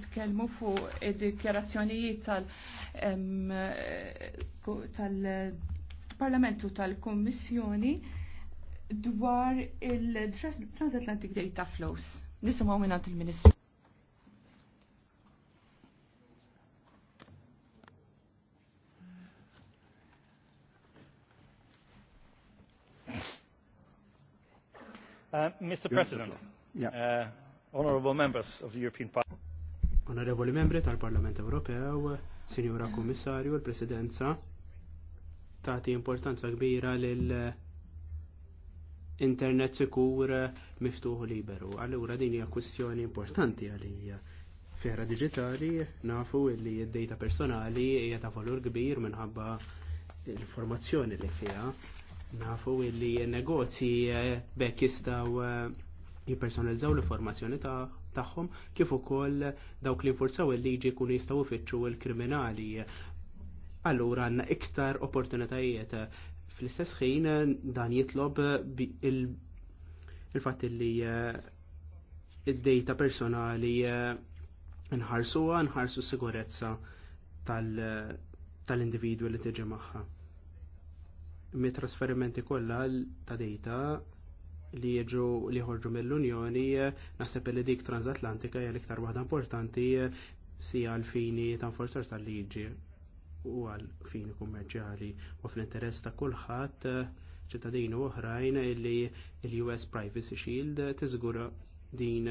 Tkellmu fuq id-dikjarazzjonijiet tal-Parlamentu tal parlamentu tal kommissjoni dwar il-Transatlantic Data Flows. Nisimgħu mingħand il-Ministru. Uh, Mr. President, yeah. uh, honorable members of the European Parliament, Onorevoli membri tal-Parlament Ewropew, Sinjura Kommissarju, l-Presidenza, tagħti importanza kbira lil internet sikur miftuħ liberu. Allura din hija kwistjoni importanti għalija. Fera digitali nafu li id-data personali hija ta' valur kbir minħabba l-informazzjoni li fiha. Nafu li n-negozji bekk jistgħu jippersonalizzaw l-informazzjoni ta' tagħhom kif ukoll dawk li forzaw il-liġi jkunu jistgħu jfittxu l-kriminali. Allura għandna iktar opportunitajiet fl-istess ħin dan jitlob il-fatt li eh, id-data personali eh, nħarsuha nħarsu sigurezza tal-individwi li tiġi magħha. Mi trasferimenti kollha ta' data li jiġu li ħorġu mill-Unjoni, eh, naħseb li dik transatlantika hija l-iktar waħda importanti eh, sija għal-fini ta' forzar tal-liġi u għal-fini kummerċjali u fl-interess ta' kulħadd eh, ċittadini oħrajn li l-US Privacy Shield tiżgura din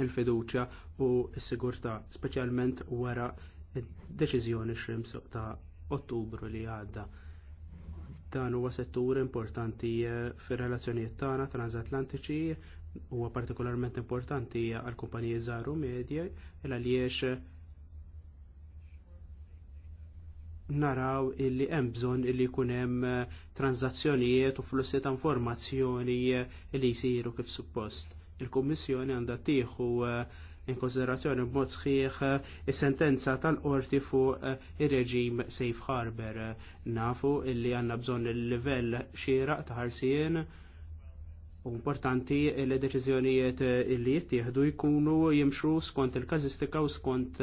il-fiduċja u s-sigurtà, speċjalment wara d deċiżjoni xrimsu ta' Ottubru li għadda. Dan huwa settur importanti eh, fir-relazzjonijiet tagħna transatlantiċi huwa partikolarment importanti għal kumpaniji żgħar u medji il għaliex naraw illi hemm bżonn illi jkun hemm eh, tranzazzjonijiet u flussi ta' informazzjoni eh, li jsiru kif suppost. Il-Kummissjoni għandha tieħu in konsiderazzjoni b'mod sħiħ eh, is-sentenza tal-qorti fuq eh, ir-reġim safe harbor. Nafu illi għandna bżonn il-livell xieraq ta' ħarsien u importanti li deċiżjonijiet eh, li jittieħdu jkunu jimxu skont il-kazistika u skont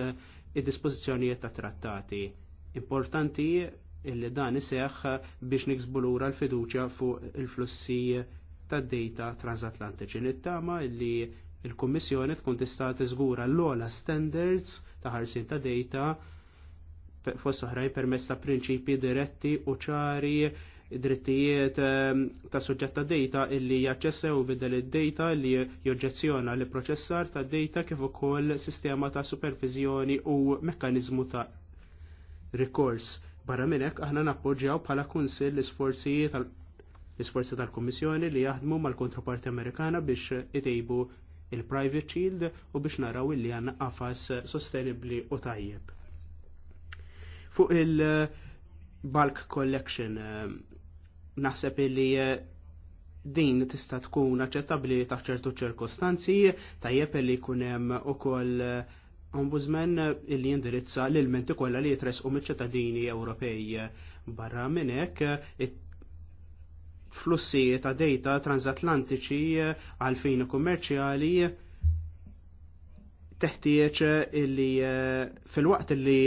id-dispożizzjonijiet ta' trattati. Importanti illi dan iseħħ biex niksbu lura l-fiduċja fuq il-flussi tad dejta transatlantiċi. Nittama illi il-Kummissjoni tkun tista' tiżgura l-ogħla standards ta' ħarsin ta' data fost oħrajn permezz ta' prinċipji diretti u ċari drittijiet ehm, ta' suġġett ta' data illi jaċċessew bidel id-data li joġġezzjona li proċessar ta' data kif ukoll sistema ta' supervizjoni u mekkaniżmu ta' rikors. Barra minn hekk aħna nappoġġjaw bħala kunsill l-isforzi tal l-isforzi tal li jaħdmu mal-kontraparti Amerikana biex itejbu il-Private Shield u biex naraw illi għan għafas sostenibli u tajjeb. Fuq il-Bulk eh, Collection eh, naħseb illi eh, din tista' tkun aċċettabbli taħt ċertu ċirkostanzi tajjeb li jkun hemm ukoll ombudsman li jindirizza l-ilmenti kollha li jitresqu miċ-ċittadini Ewropej. Barra minn hekk flussi ta' data transatlantiċi eh, għalfejn kummerċjali teħtieġ illi eh, fil-waqt illi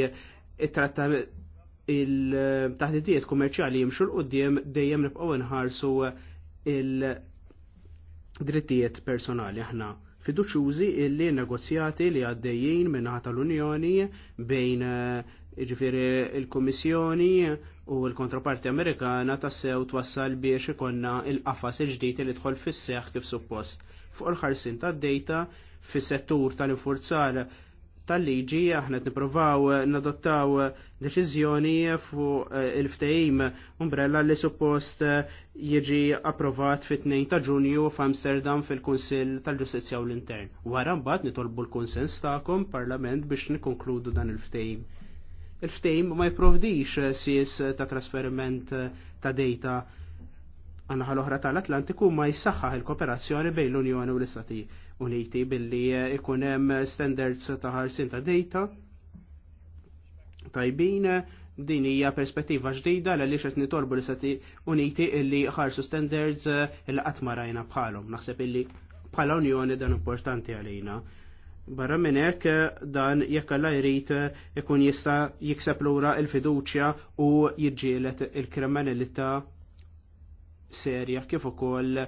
it-tratta il-taħdidiet eh, kummerċjali jimxu l-qoddim dejjem nibqgħu nħarsu il-drittijiet personali aħna fiduċjużi illi negozjati li għaddejjin minnaħa tal-Unjoni bejn ġifiri il-Komissjoni u l-kontraparti Amerikana tassew twassal biex ikonna il-qafas il-ġdijt li tħol fis-seħ kif suppost. Fuq il-ħarsin ta' data fis-settur tal-infurzar tal-liġi aħna niprovaw nadottaw deċiżjoni fuq eh, il-ftehim umbrella li suppost eh, jiġi approvat fit-2 ta' Ġunju f'Amsterdam fil-Kunsill tal-Ġustizzja u l-Intern. Wara mbagħad nitolbu l-kunsens tagħkom Parlament biex nikkonkludu dan il-ftehim il-ftejm ma jiprovdix eh, sies eh, ta' trasferiment eh, ta' data għanna ħal-oħra tal-Atlantiku ma jissaxħaħ il-kooperazzjoni bejn l-Unjoni u l-Istati Uniti billi ikun hemm standards ta' ħarsin ta' data tajbin din hija perspettiva ġdida l għaliex qed nitolbu l-Istati Uniti illi ħarsu standards il qatt ma rajna bħalhom. Naħseb illi bħala Unjoni dan importanti għalina. Barra minn hekk dan jekk alla jrid ikun jista' jikseb lura l-fiduċja u jirġielet il-kriminalità serja kif ukoll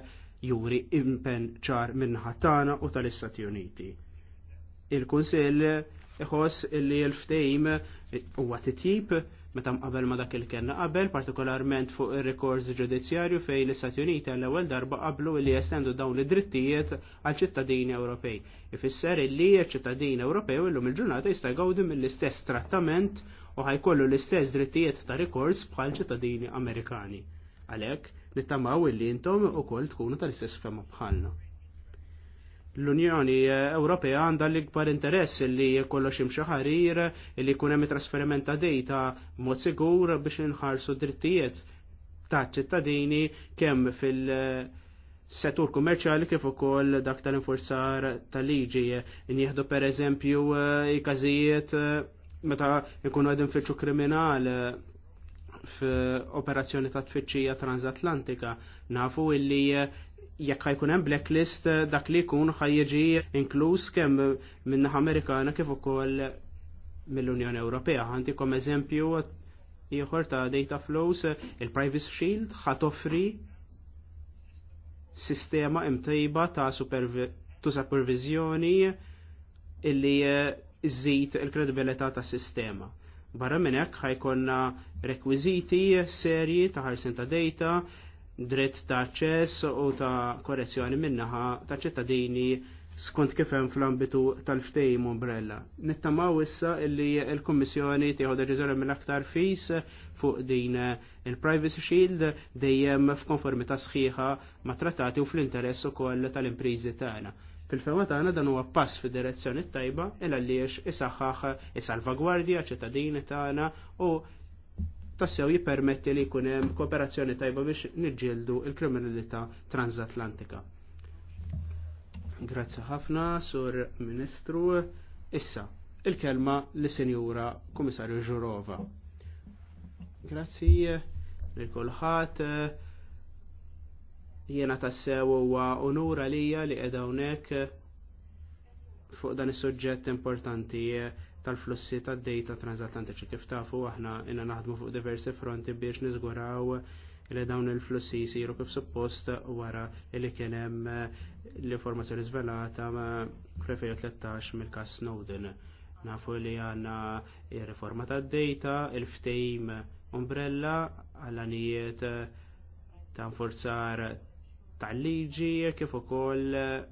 juri impen ċar minnaħa tagħna u tal-Istati Uniti. Il-Kunsill iħoss li l-ftejm huwa titjib meta qabel ma dak il kellna qabel, partikolarment fuq ir rekords ġudizzjarju fejn l-Istati Uniti għall ewwel darba qablu li jestendu dawn id-drittijiet għal ċittadini Ewropej. Ifisser illi ċ-ċittadini Ewropej illum il-ġurnata jista' jgawdu mill-istess trattament u ħajkollu l-istess drittijiet ta' rekords bħal ċittadini Amerikani. Għalhekk nittamaw illi intom ukoll tkunu tal-istess fema bħalna l-Unjoni Ewropea għandha l-ikbar interess li kollox imxi ħarir li jkun hemm trasferiment ta' dejta mod sigur biex inħarsu drittijiet ta' ċittadini kemm fil- settur kummerċali kif ukoll dak tal-infurzar tal-liġi. Nieħdu per eżempju eh, każijiet eh, meta jkunu għedin fiċu kriminal f'operazzjoni ta' tfittxija transatlantika. Nafu illi eh, jekk ħajkun hemm blacklist eh, dak li jkun jiġi inkluż kemm min Amerikana kif ukoll mill-Unjoni Ewropea. kom eżempju ieħor ta' data flows, il-Privacy Shield ħat offri sistema imtejba ta' tu supervizjoni illi eh, iżid il-kredibilità tas sistema. Barra minn hekk ħajkonna rekwiżiti serji ta' ħarsin ta' data, dritt ta' ċess u ta' korrezzjoni minnaħa ta' ċittadini skont kif hemm fl-ambitu tal-ftejm umbrella. Nittamaw issa illi l-Kummissjoni tieħu deċiżjoni mill-aktar fis fuq din il-Privacy Shield dejjem f'konformità sħiħa ma' trattati u fl-interess ukoll tal-impriżi tagħna. Fil-fema tagħna dan huwa pass fid-direzzjoni tajba il għaliex isaħħaħ is-salvagwardja ċittadini tagħna u tassew jipermetti li jkun hemm kooperazzjoni tajba biex niġġieldu l kriminalità transatlantika. Grazzi ħafna, Sur Ministru. Issa, il-kelma li Sinjura Komissarju Ġurova. Grazzi li kulħadd jiena tassew u onura lija li qiegħda hawnhekk fuq dan is-suġġett importanti tal-flussi tad data transatlantiċi kif tafu aħna inna naħdmu fuq diversi fronti biex niżguraw li dawn il-flussi jisiru kif suppost wara li kien hemm eh, l-informazzjoni żvelata fl-2013 mill-kas Snowden. Nafu li għandna ir-riforma tad data il-ftejm umbrella għall eh, ta' nforzar tal-liġi kif ukoll eh,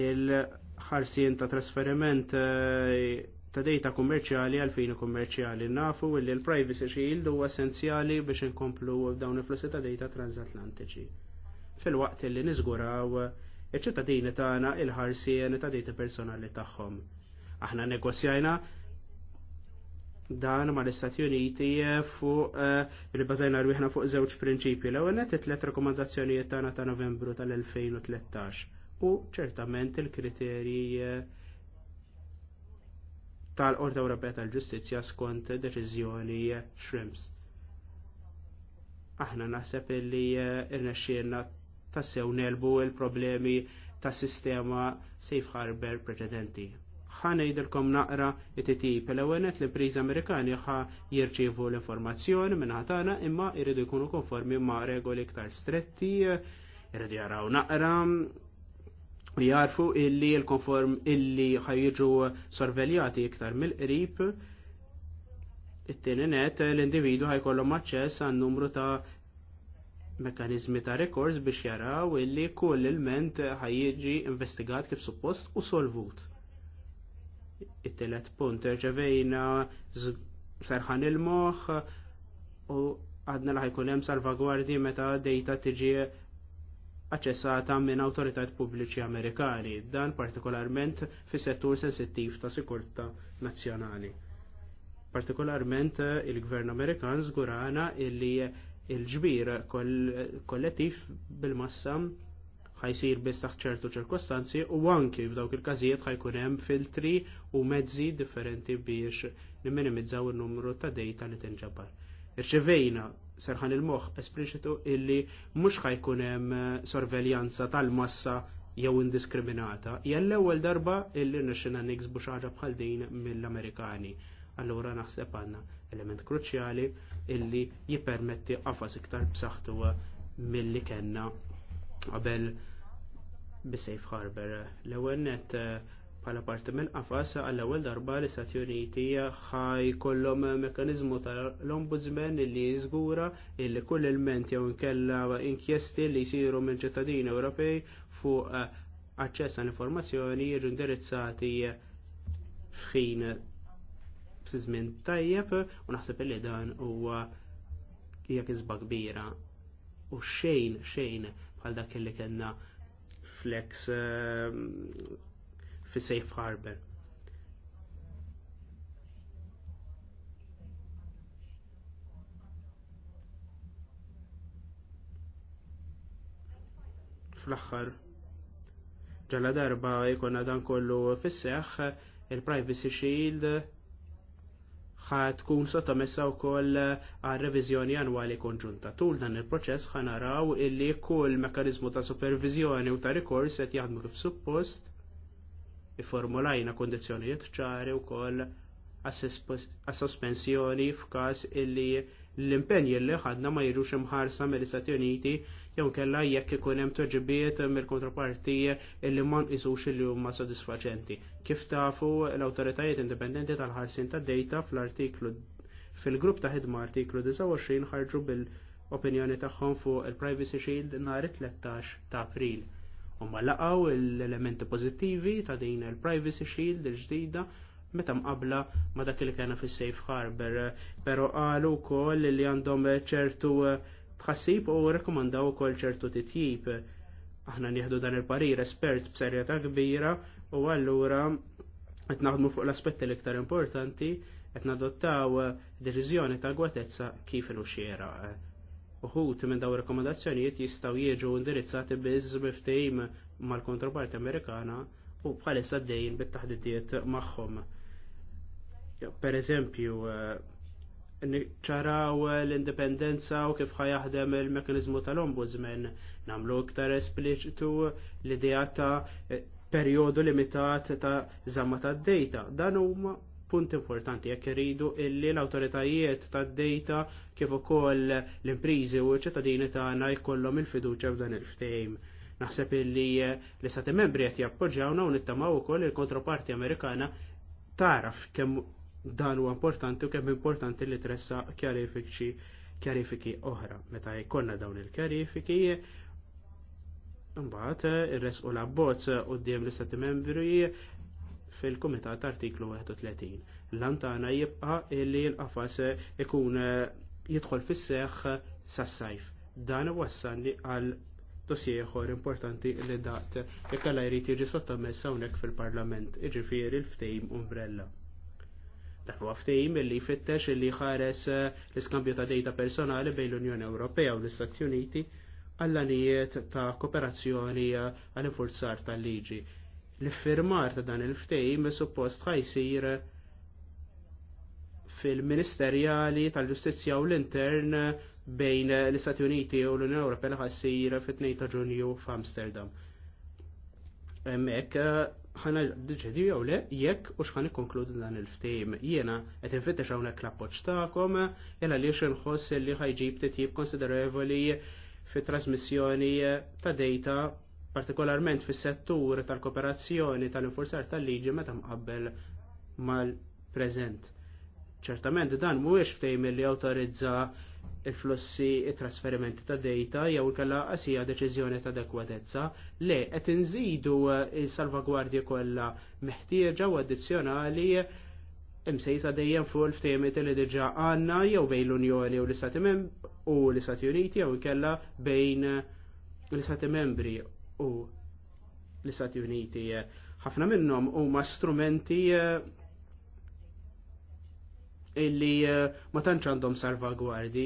il- ħarsien ta' trasferiment eh, ta' data kummerċjali għal fini kummerċjali. Nafu li l-privacy shield huwa essenzjali biex inkomplu dawn il-flussi ta' data transatlantiċi. Fil-waqt li niżguraw iċ-ċittadini tagħna il-ħarsien ta' data personali tagħhom. Aħna negozjajna dan ma l-Istati Uniti fuq eh, li bażajna rwieħna fuq żewġ prinċipji. L-ewwel titlet rakkomandazzjonijiet tagħna ta' Novembru tal-2013 u ċertament il-kriterji eh, tal-Qorta Ewropea tal-Ġustizzja skont deċiżjoni Shrimps. Aħna naħseb li eh, irnexxielna tassew nelbu il-problemi tas sistema safe harbor preċedenti. Ħanejdilkom naqra it-tip l-ewenet li priż Amerikani ħa jirċievu l-informazzjoni minn ħatana imma jridu jkunu konformi ma' regoli iktar stretti, eh, jridu jaraw naqra li jarfu illi l-konform illi ħajġu sorveljati iktar mill-qrib it-tieni net l-individu ħajkollhom aċċess għan numru ta' mekanizmi ta' rekords biex jaraw illi kull ilment ħajjiġi investigat kif suppost u solvut. It-telet punt ġevejna serħan il-moħ u għadna li ħajkun hemm salvagwardji meta data tiġi aċċessata minn awtoritajiet pubbliċi Amerikani, dan partikolarment fis-settur sensittiv ta' sikurtà nazzjonali. Partikolarment eh, il-Gvern Amerikan żgurana illi il-ġbir kollettiv bil-massa ħajsir biss taħt ċertu ċirkostanzi u anki f'dawk il-każijiet ħajkun hemm filtri u mezzi differenti biex nimminimizzaw in-numru ta' dejta li tinġabar. Irċevejna serħan il-moħ espliċitu illi mhux ħajkun hemm eh, sorveljanza tal-massa jew indiskriminata. jell l-ewwel darba illi nixxina niksbu xi ħaġa bħal din mill-Amerikani. Allura naħseb għandna element kruċjali illi jippermetti qafas iktar b'saħħtu milli kellna qabel safe Harbor. L-ewwel net eh, bħala parti minn qafas għall ewwel darba l istati Uniti ħaj kollhom mekanizmu tal-ombudsman li jiżgura illi kull ilment jew inkella inkjesti li jsiru minn ċittadini Ewropej fuq eh, aċċess għal informazzjoni jiġu indirizzati f'ħin fi żmien tajjeb u naħseb li dan huwa hija kisba kbira. U xejn xejn bħal dak li kellna flex eh, fi Safe Harbor. Fl-axħar, ġalla darba jkun dan kollu fisseħ, il-Privacy Shield ħat tkun sottomessa wkoll għal reviżjoni annwali konġunta. Tul dan il-proċess ħa naraw illi kull mekanizmu ta' supervizjoni u ta' rikors qed jaħdmu kif suppost Iformulajna kondizjonijiet ċari u koll għas-sospensjoni f'kas illi l-impenji li ħadna ma jirux imħarsa mill-Istati Uniti jew kella jekk ikun hemm toġibiet mill-kontraparti illi ma nqisux li huma sodisfaċenti. Kif tafu l-awtoritajiet indipendenti tal-ħarsin tad-dejta fl-artiklu fil-grupp ta' ħidma artiklu 29 ħarġu bil-opinjoni tagħhom fuq il-Privacy Shield nhar 13 ta' April. Huma laqgħu l-elementi pożittivi ta' din il-privacy shield il-ġdida meta mqabla ma' dak li kena fis-safe harbor, pero qalu wkoll li għandhom ċertu eh, tħassib u rekomandaw ukoll ċertu titjib. Aħna nieħdu dan il-parir espert b'serjetà kbira u allura qed naħdmu fuq l-aspetti l-iktar importanti qed nadottaw deċiżjoni ta' gwatezza kif ilu xieraq uħut minn daw rekomendazzjonijiet jistaw jieġu indirizzati biz biftejim mal-kontraparti Amerikana u bħalissa dejjin bit-taħdidiet magħhom. Per eżempju, eh, ċaraw l-indipendenza u kif ħajaħdem il-mekanizmu tal-ombudsman, namlu iktar espliċitu l-idea ta' periodu limitat ta' zamma ta' data. Dan huma punt importanti jekk iridu illi l-awtoritajiet tad-dejta kif ukoll l-imprizi u ċ-ċittadini tagħna jkollhom il-fiduċja f'dan il-ftehim. Naħseb illi l-istati membri qed jappoġġjawna u nittamaw ukoll il-kontraparti Amerikana taraf kemm dan huwa importanti u kemm importanti li tressa kjarifiki kjarifiki oħra. Meta jkollna dawn il-kjarifiki, Mbagħad irresqu l-abbozz quddiem l-istati membri fil-Kumitat artiklu 31. L-antana jibqa li l-qafas ikun eh, jidħol fis seħħ sas-sajf. Dan wassanni għal dosieħor importanti li dat jekk jrid jiġi sottomessa hawnhekk fil-Parlament, jiġifieri l-ftejm umbrella. Dak huwa ftehim illi jfittex illi ħares eh, l-iskambju ta' dejta personali bejn l-Unjoni Ewropea u l-Istati Uniti għall-anijiet ta' kooperazzjoni eh, għall-infurzar tal-liġi l-firmar ta' dan il-ftejim suppost ħajsir fil-ministerjali tal-ġustizja u l-intern bejn l-Istati Uniti u l-Unjoni Ewropea li ħassir fit-2 ta' Ġunju f'Amsterdam. Hemmhekk ħana deċedi jew le jekk u x'ħan ikkonkludu dan il-ftehim. Jiena qed infittex hawnhekk l-appoġġ tagħkom jela li inħoss li ħajġib titjib konsiderevoli fit trasmissjoni ta' data partikolarment fis-settur tal-kooperazzjoni tal-infurzar tal-liġi meta mqabbel mal-preżent. Ċertament dan mhuwiex ftehim li awtorizza il-flussi it-trasferimenti ta' data jew kella qasija deċiżjoni ta' adekwatezza le qed inżidu eh, s salvagwardji kollha meħtieġa u addizzjonali imsejsa dejjem fuq il ftehim li diġà għandna jew bejn l-Unjoni u l-Istati u l-Istati Uniti jew kella bejn l-Istati Membri u l-Istati Uniti. Eh, ħafna minnhom huma strumenti eh, illi eh, ma tantx għandhom salvagwardi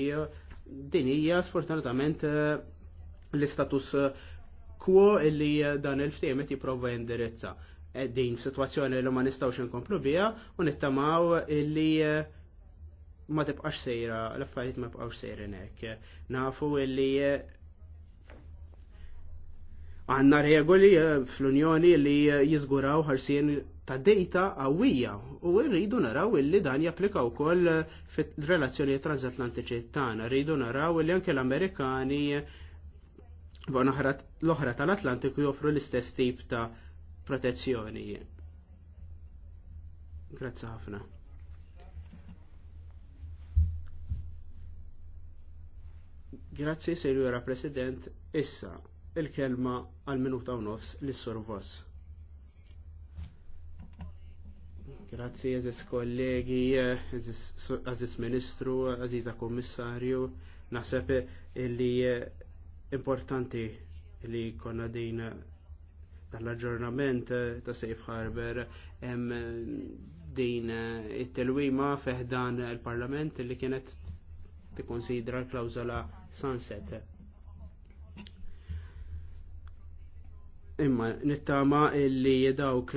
din hija sfortunatament l-istatus quo illi dan il-ftehmet jipprova jindirizza. E din f'sitwazzjoni li ma nistgħux inkomplu biha u nittamaw illi ma tibqax sejra, l-affarijiet ma jibqgħux sejrin hekk. Nafu illi Għanna regoli eh, fl-Unjoni li eh, jizguraw ħarsien ta' data għawija u rridu naraw illi dan japplika wkoll eh, fit-relazzjoni transatlantiċi tagħna. Rridu naraw illi anke l-Amerikani l-oħra tal-Atlantiku joffru l-istess tip ta' protezzjoni. Grazzi ħafna. Grazzi, Signora President. Issa, il-kelma għal minuta u nofs li sorvos. Grazzi, eżis kollegi, eżis ministru, eżiza kommissarju, naħseb li importanti li konna din tal-aġġornament ta' Safe Harbor hemm din it-telwima feħdan il-Parlament li kienet tikkonsidra l klawzola sunset Imma nittama illi dawk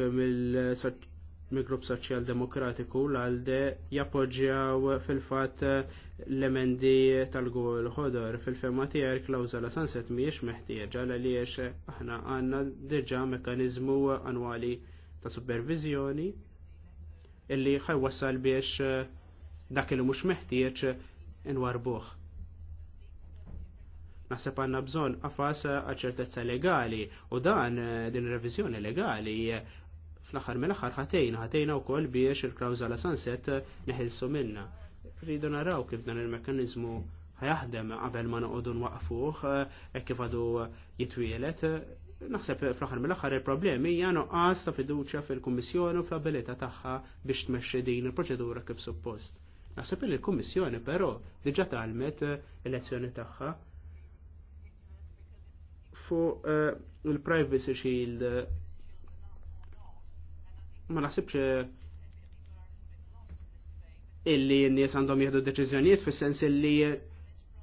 mill-grupp soċjal demokratiku l-għalde jappoġġjaw fil-fat l-emendi tal-għol ħodor fil femma tijer la sunset miex meħtieġa l għaliex aħna għanna dġa mekanizmu annwali ta' supervizjoni illi ħajwassal biex dak li mux meħtieġ inwarbuħ. Naħseb għandna bżonn għafas eh, ċertezza legali u dan eh, din revizjoni legali eh, fl-aħħar mill-aħħar ħatejna ħatejna wkoll biex il la sunset neħilsu minna. Rridu naraw kif dan il-mekkaniżmu ħajaħdem qabel ma noqogħdu nwaqfuh hekk kif għadu jitwielet naħseb fl-aħħar mill-aħħar il-problemi hija noqqas ta' fiduċja fil-Kummissjoni u fl-abilità tagħha biex tmexxi din il-proċedura kif suppost. Naħseb li l-Kummissjoni però diġà talmet l-elezzjoni tagħha fuq eh, il-privacy shield ma naħsibx eh, illi n-nies għandhom jieħdu deċiżjonijiet fis-sens illi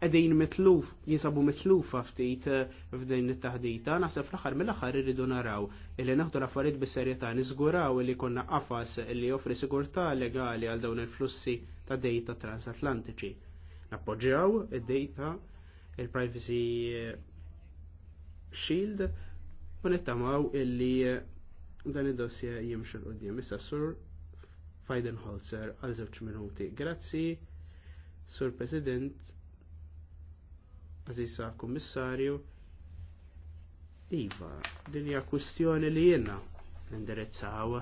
qegħdin mitluf, jinsabu mitlufa ftit eh, f'din it-taħdita, naħseb fl-aħħar mill-aħħar irridu naraw illi naħdu l-affarijiet bis-serjetà niżguraw illi konna qafas illi joffri sigurtà legali għal dawn il-flussi ta' dejta transatlantiċi. Nappoġġjaw id-dejta il-privacy Shield u nittamaw illi eh, dan id-dossja jimxu l-qoddim. Issa sur Feidenholzer għal żewġ minuti. Grazzi, sur President, Aziza Kommissarju, Iva, din hija kwistjoni li jenna indirizzaw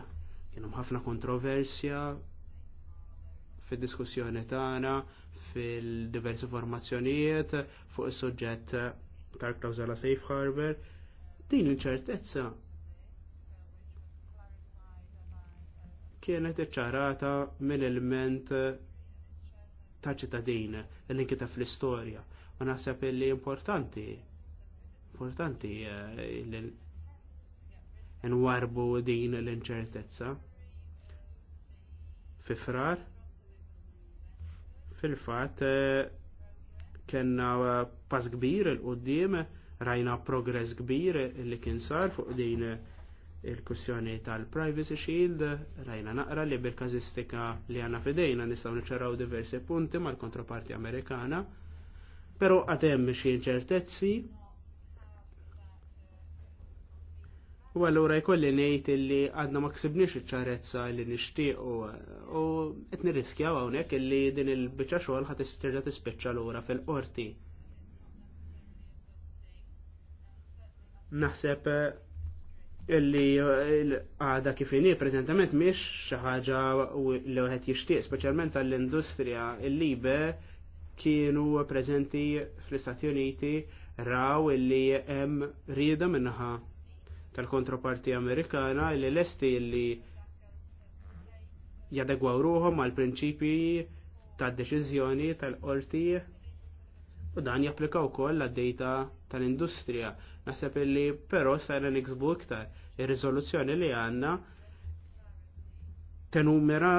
kienu ħafna kontroversja fid-diskussjoni tagħna fil-diversi formazzjonijiet fuq is-suġġett tal la safe harbor, din il-ċertezza kienet iċċarata mill-element ta' ċittadin l-inkita fl-istorja. U naħseb li importanti, importanti eh, li nwarbu din l-inċertezza. Fi frar, fil-fat, eh, kena uh, pass kbir il-qoddim, rajna progress kbir li kien sar fuq din il-kussjoni tal-Privacy Shield, rajna naqra li bil-kazistika li għanna fidejna nistaw niċċaraw diversi punti mal-kontraparti amerikana, pero għatem xie ċertezzi U għallura jkolli nejt illi għadna ma ksibniex iċċarezza li nishtiq u qed nirriskjaw hawnhekk illi din il-biċċa xogħol ħadd tisterġa tispiċċa lura fil-qorti. Naħseb eh, illi eh, għada kif inhi preżentament mhix xi ħaġa li wieħed jixtieq speċjalment għall-industrija l libe kienu preżenti fl-Istati Uniti raw illi hemm rieda minnaħa tal-kontraparti Amerikana li lesti li jadegwaw ruhom għal prinċipji tad deċiżjoni tal-qorti u dan japplika wkoll għad-dejta tal-industrija. Naħseb illi però sajna niksbu iktar ir-riżoluzzjoni li għandna tenumera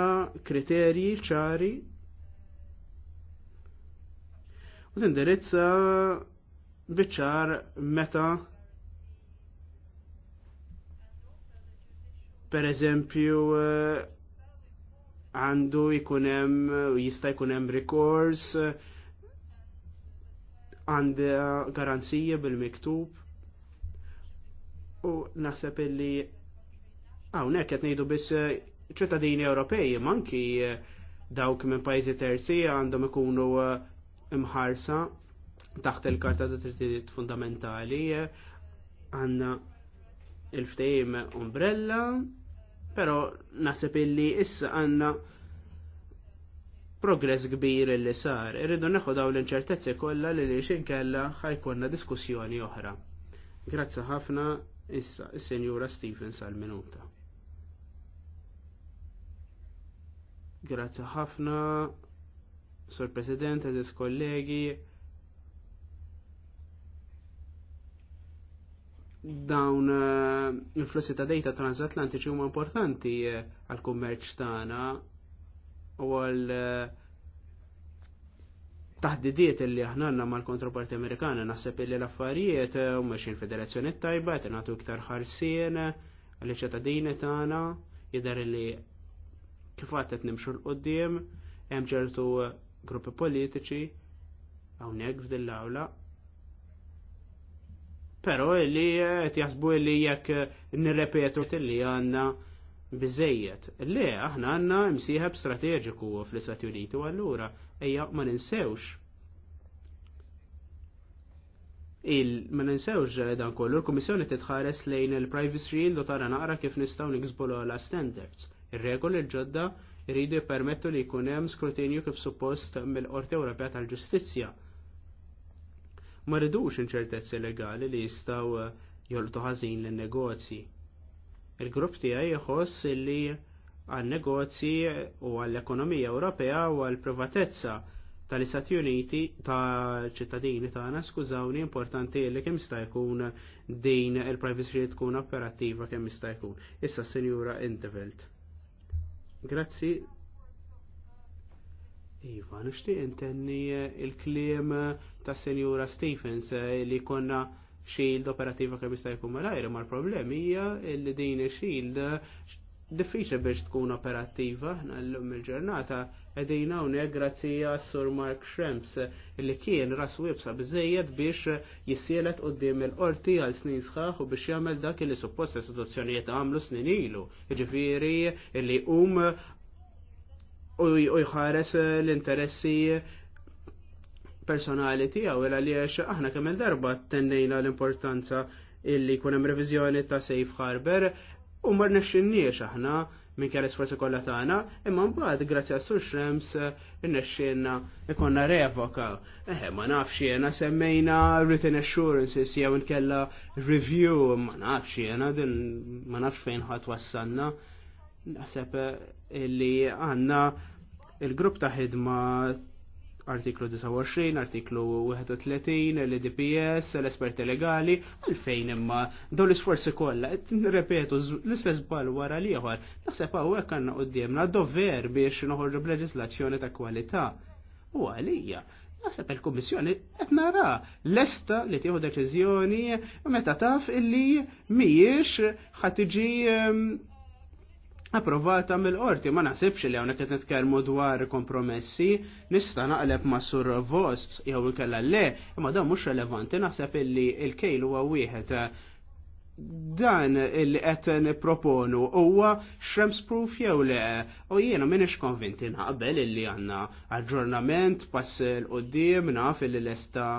kriterji ċari u tindirizza biċar meta per eżempju eh, għandu jkunem eh, jista' jkunem rikors għandha eh, garanzija bil-miktub u naħseb illi hawnhekk qed ngħidu biss ċittadini Ewropej manki dawk minn pajjiżi terzi għandhom ikunu imħarsa taħt il-Karta ta' Trittijiet Fundamentali għandna il-ftehim Umbrella Pero naħseb illi issa għanna progress kbir illi sar. Irridu neħu daw l-inċertezzi kollha li li xinkella ħajkonna diskussjoni oħra. Grazzi ħafna issa is-Senjura Stevens għal minuta. Grazzi ħafna, Sur President, eżis kollegi, dawn eh, il-flussi ta' data transatlantiċi huma importanti eh, għal kummerċ tagħna u għal eh, taħdidiet li aħna għandna mal-kontraparti Amerikana naħseb li l-affarijiet u il federazzjoni tajba qed nagħtu iktar ħarsien għal ċittadini tagħna jidher li kif qed nimxu l-qudiem hemm ċertu gruppi politiċi hawnhekk f'din l-awla pero illi qed eh, jaħsbu li jekk eh, nirrepetu li għandna biżejjed. Le, aħna għandna msieħeb strateġiku fl-Istati Uniti u allura ejja ma ninsewx il ma ninsewx eh, dan kollu l-Kummissjoni titħares lejn il-Privacy Shield u tara naqra kif nistgħu niksbulu la standards. Ir-regoli ġodda jridu jippermettu li jkun hemm skrutinju kif suppost mill-Qorti Ewropea tal-Ġustizzja ma ridux inċertezzi legali li jistaw eh, joltu ħażin lin negozji Il-grupp tiegħi jħoss li għal negozji u għall ekonomija Ewropea u għall privatezza tal-Istati Uniti ta' ċittadini tagħna skużawni importanti li kemm jista' jkun din il-privacy tkun operattiva kemm jista' jkun. Issa Sinjura Intervelt. Grazzi, Iva, nishtiq intenni eh, il-kliem eh, ta' Senjura Stephens eh, li konna shield operativa kemm jista' jkun malajr, ma' l-problem hija li din shield diffiċli biex tkun operattiva ħna l-lum il-ġurnata qegħdin hawnhekk grazzi Sur Mark Shrems li kien ras websa biżejjed biex jissielet qudiem il-qorti għal snin sħaħ u biex jagħmel dak li suppost istituzzjonijiet għamlu snin ilu. Jiġifieri li hum u jħares eh, l-interessi personali tiegħu il għaliex aħna kemm il-darba tennejna l-importanza illi jkun hemm reviżjoni ta' safe harbor u mar nexxinniex aħna minn kell isforzi kollha tagħna, imma mbagħad grazzi għas sur Shrems innexxinna eh, ikonna revoka. Eh, ma nafx jiena semmejna written assurances jew nkella review, ma nafx jiena din ma nafx fejn ħadd wassalna. Naħseb eh, li għanna il-grupp ta' ħidma artiklu 29, artiklu 31, l-DPS, l-esperti legali, għalfejn imma dawn l-isforzi kollha qed repetu l-istess bal wara li ieħor. Naħseb hawnhekk għandna qudiemna dover biex noħorġu b'leġislazzjoni ta' kwalità. U għalija, naħseb il-Kummissjoni qed nara lesta li tieħu deċiżjoni meta taf illi mhijiex ħatiġi. Ehm, approvata mill-qorti, ma naħsibx li hawnhekk qed nitkellmu dwar kompromessi, nista' naqleb ma' sur vost jew ikella le, imma dan mhux relevanti, naħseb illi l-kejl huwa wieħed dan illi qed nipproponu huwa shrimps proof jew le, u jiena m'iniex konvinti naqbel illi għandna aġġornament pass il qudiem naf illi lesta'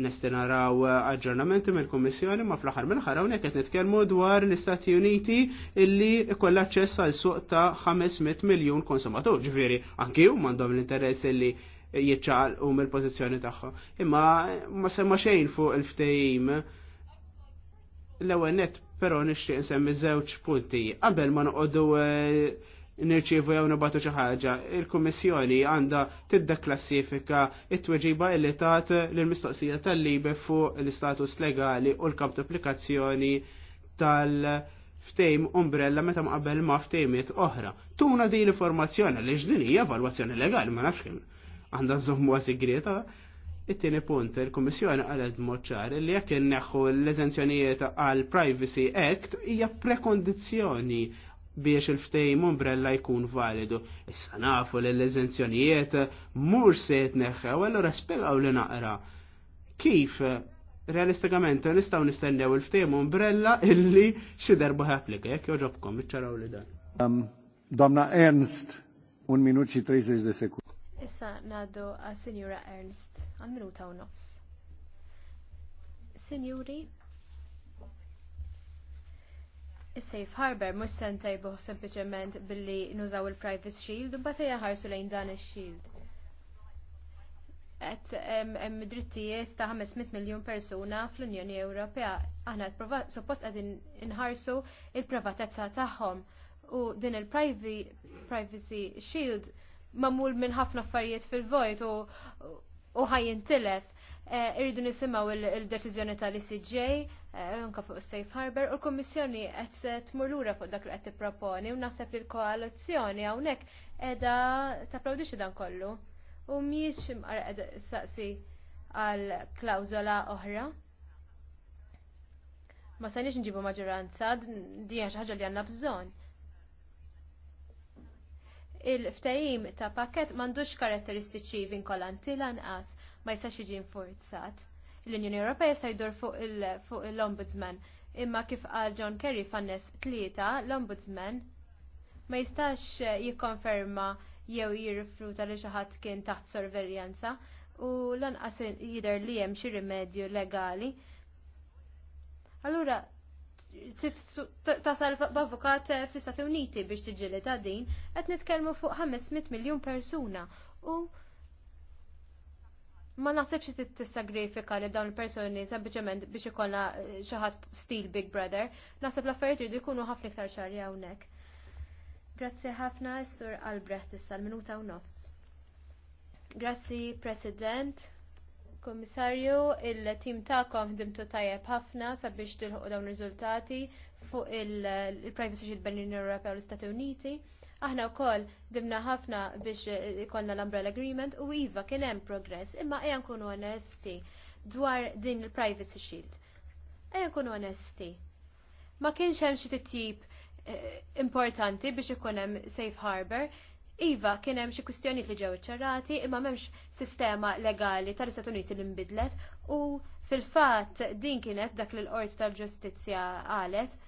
Nesti naraw eh, aġġornamenti mill kummissjoni ma fl-aħħar mill-aħħar hawnhekk qed nitkellmu dwar l-Istati Uniti illi ikollha aċċess għal suq ta' 500 miljun konsumatur, ġifieri anki hum għandhom l-interess illi jiċċaqal u mill-pożizzjoni tagħha. Imma ma semma xejn fuq il-ftehim l-ewwel net però nixtieq nsemmi żewġ punti qabel ma noqogħdu eh, nirċievu jew nibatu xi ħaġa. Il-Kummissjoni għandha tiddeklassifika klassifika it-tweġiba illi tat lill-mistoqsija tal-libe fuq l-istatus legali u l-kamp applikazzjoni tal-ftejm umbrella meta mqabel ma' ftejmiet oħra. Tuna din l-informazzjoni li ġdini hija valwazzjoni legali ma nafx kemm għandha żommu segreta. It-tieni punt, il-Kummissjoni qalet ċar li jekk inneħħu l-eżenzjonijiet għal Privacy Act hija prekondizzjoni biex il-ftejm umbrella jkun validu. Issa nafu li l-eżenzjonijiet mur se jitneħħew, allura spiegaw li naqra. Kif realistikament nistaw nistennew il-ftejm umbrella illi xi darba applika, jekk joġobkom iċċaraw li dan. Um, Domna Ernst, un minut xi 30 de sekund. Issa nadu għal Sinjura Ernst, għal minuta u nofs. Sinjuri, Is-safe harbor mhux se ntajbuh sempliċement billi nużaw il-privacy shield u bata jaħarsu lejn dan ix-shield. Qed hemm drittijiet ta' 500 miljun persuna fl-Unjoni Ewropea. Aħna suppost qegħdin inħarsu l privatezza tagħhom u din il-privacy shield mamul minn ħafna affarijiet fil-vojt u ħajjintilef eh, Irridu nisimgħu il-deċiżjoni tal-ICJ unka eh, fuq Safe Harbor u l-Kommissjoni qed tmur lura fuq dak li qed tipproponi u naħseb li l-koalizzjoni hawnhekk qiegħda tapplawdix dan kollu u mhijiex mqarqed saqsi għal klawżola oħra. Ma sanix nġibu maġġoranza, di xi ħaġa li għandna bżonn. Il-ftajim ta' pakket m'għandux karatteristiċi vinkolanti lanqas ma jistax jiġi infurzat l-Unjoni Ewropea jista' jdur fuq l-Ombudsman. Imma kif qal John Kerry fannes tlieta, l-Ombudsman ma jistax eh, jikkonferma jew jirrifruta li xi ħadd kien taħt sorveljanza u lanqas jidher li hemm xi rimedju legali. Allura tasal b'avukat eh, fl-Istati Uniti biex tiġġieli ta' din qed nitkellmu fuq 500 miljun persuna u ma naħsebx li t-sagrifika li dawn il-personi sempliċement biex ikolla eh, xi ħadd stil Big Brother, naħseb l-affarijiet jridu jkunu ħafna iktar ċari hawnhekk. Grazzi ħafna s-sur Albrecht issa l-minuta u nofs. Grazzi President, Komissarju, il-tim tagħkom ħdimtu tajjeb ħafna sabiex tilħuq dawn riżultati fuq il-Privacy Shield bejn Europe u l-Istati Uniti. Aħna wkoll dimna ħafna biex ikollna l-Umbrella Agreement u iva kien hemm progress, imma ejja nkunu onesti dwar din il-Privacy Shield. Ejja nkunu onesti. Ma kienx hemm xi tip eh, importanti biex ikun hemm safe harbor, Iva, kien hemm xi kwistjonijiet li ġew iċċarrati, imma m'hemmx sistema legali tal-Istat Uniti li nbidlet u fil-fatt din kienet dak l-Qorti tal-Ġustizzja qalet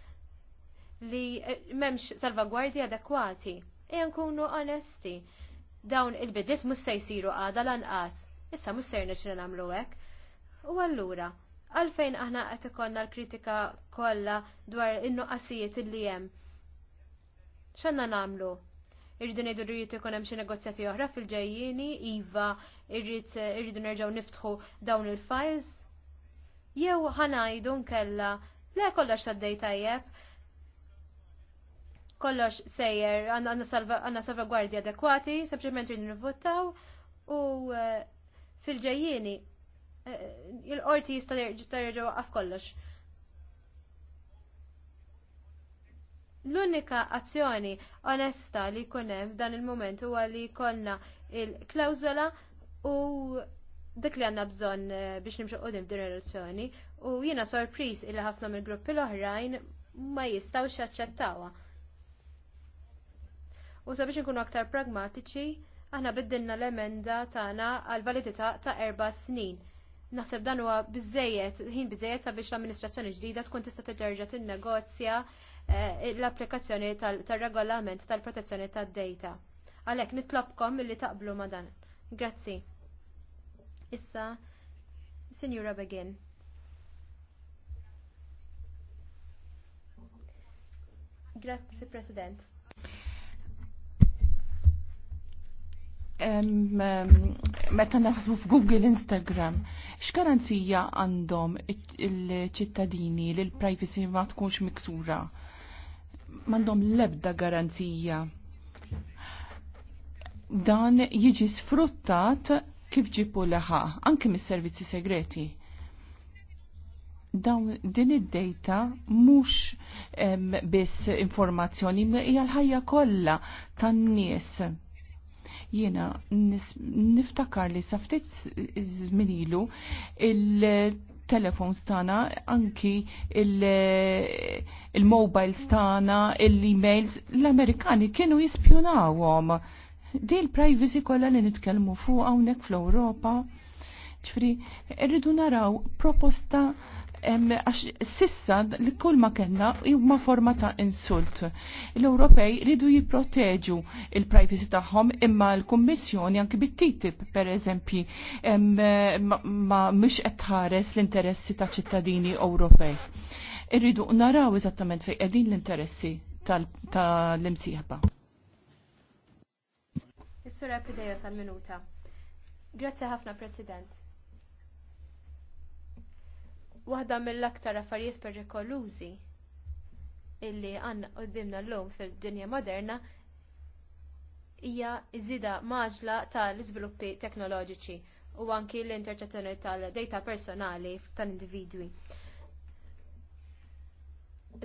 li eh, memx salvagwardi adekwati. E nkunu onesti. Dawn il-bidiet mhux se jsiru għada lanqas. Issa mhux se jirnexxina nagħmlu hekk. U allura, għalfejn aħna qed ikollna l-kritika kollha dwar in-nuqqasijiet li hemm. X'għandna nagħmlu? Irridu ngħidu rrid ikun hemm xi negozjati oħra fil-ġejjieni, iva, irrid irridu nerġgħu niftħu dawn il-files. Jew ħanajdu nkella le kollox taddej tajjeb kollox sejjer għanna salvagwardja adekwati, sempliment rin nivvotaw u eh, fil ġejjini eh, il-qorti jista' jerġa' waqaf kollox. L-unika azzjoni onesta li jkun hemm dan il-moment huwa li jkollna il klawzola u dik li għanna bżonn eh, biex nimxu qudiem din ir-relazzjoni u jiena sorpriż il ħafna mill-gruppi l-oħrajn ma jistgħux jaċċettawha. U sabiex nkunu aktar pragmatiċi, aħna biddilna l-emenda tagħna għal validità ta' erba' snin. Naħseb dan huwa biżejjed, ħin biżejjed sabiex l-amministrazzjoni ġdida tkun tista' tiġerġa' tinnegozja eh, l-applikazzjoni tal-regolament tal-protezzjoni tad-data. Għalhekk nitlobkom milli taqblu ma' dan. Grazzi. Issa, Signora Begin. Grazie President. meta naħsbu f'Google, Instagram, x'garanzija għandhom il-ċittadini li l-privacy ma tkunx miksura? M'għandhom l-ebda garanzija. Dan jiġi sfruttat kif ġipu leħa, anke mis-servizzi segreti. Dawn din id-data mhux biss informazzjoni, hija l-ħajja kollha tan-nies Jiena niftakar li saftit zminilu il- telefons tana, anki il mobile il tana, il-emails, l-Amerikani kienu jispjunawhom. Di l-privacy kollha li nitkellmu fuq hawnhekk fl-Ewropa. Ċfri, rridu naraw proposta għax sissa li kull ma kena huma forma ta' insult. L-Ewropej ridu jipproteġu il-privacy tagħhom imma l-Kummissjoni anki bit-TTIP pereżempji ma mhux qed tħares l-interessi ta' ċittadini Ewropej. Irridu naraw eżattament fejn qegħdin l-interessi tal-imsieħba. Is-sura sal-minuta. Grazzi ħafna President waħda mill-aktar affarijiet perikolużi illi għandna quddiemna llum fid-dinja moderna hija żida maġla tal-iżviluppi teknoloġiċi u anki l-interċezzjoni tal-data personali tal-individwi.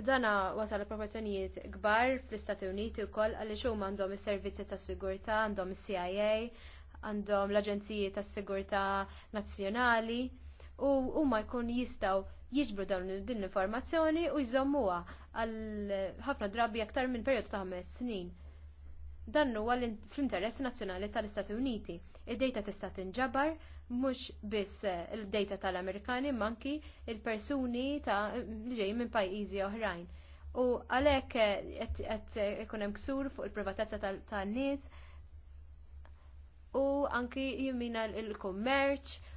Dana wasal proporzjonijiet kbar fl-Istati Uniti wkoll għaliex huma għandhom is-servizzi tas-sigurtà, għandhom is-CIA, għandhom l-Aġenziji tas-Sigurtà Nazzjonali u huma jkun jistgħu jiġbru dawn din l-informazzjoni u jżommuha għal ħafna drabi aktar minn perjodu ta' ħames snin. Dan huwa fl-interess nazzjonali tal-Istati Uniti. Id-dejta tista' tinġabar mhux biss eh, il-dejta tal-Amerikani manki il-persuni ta' li ġej minn pajjiżi oħrajn. U għalhekk eh, qed eh, ikun hemm ksur fuq il-privatezza tan-nies u anki jimmina il-kummerċ il kummerċ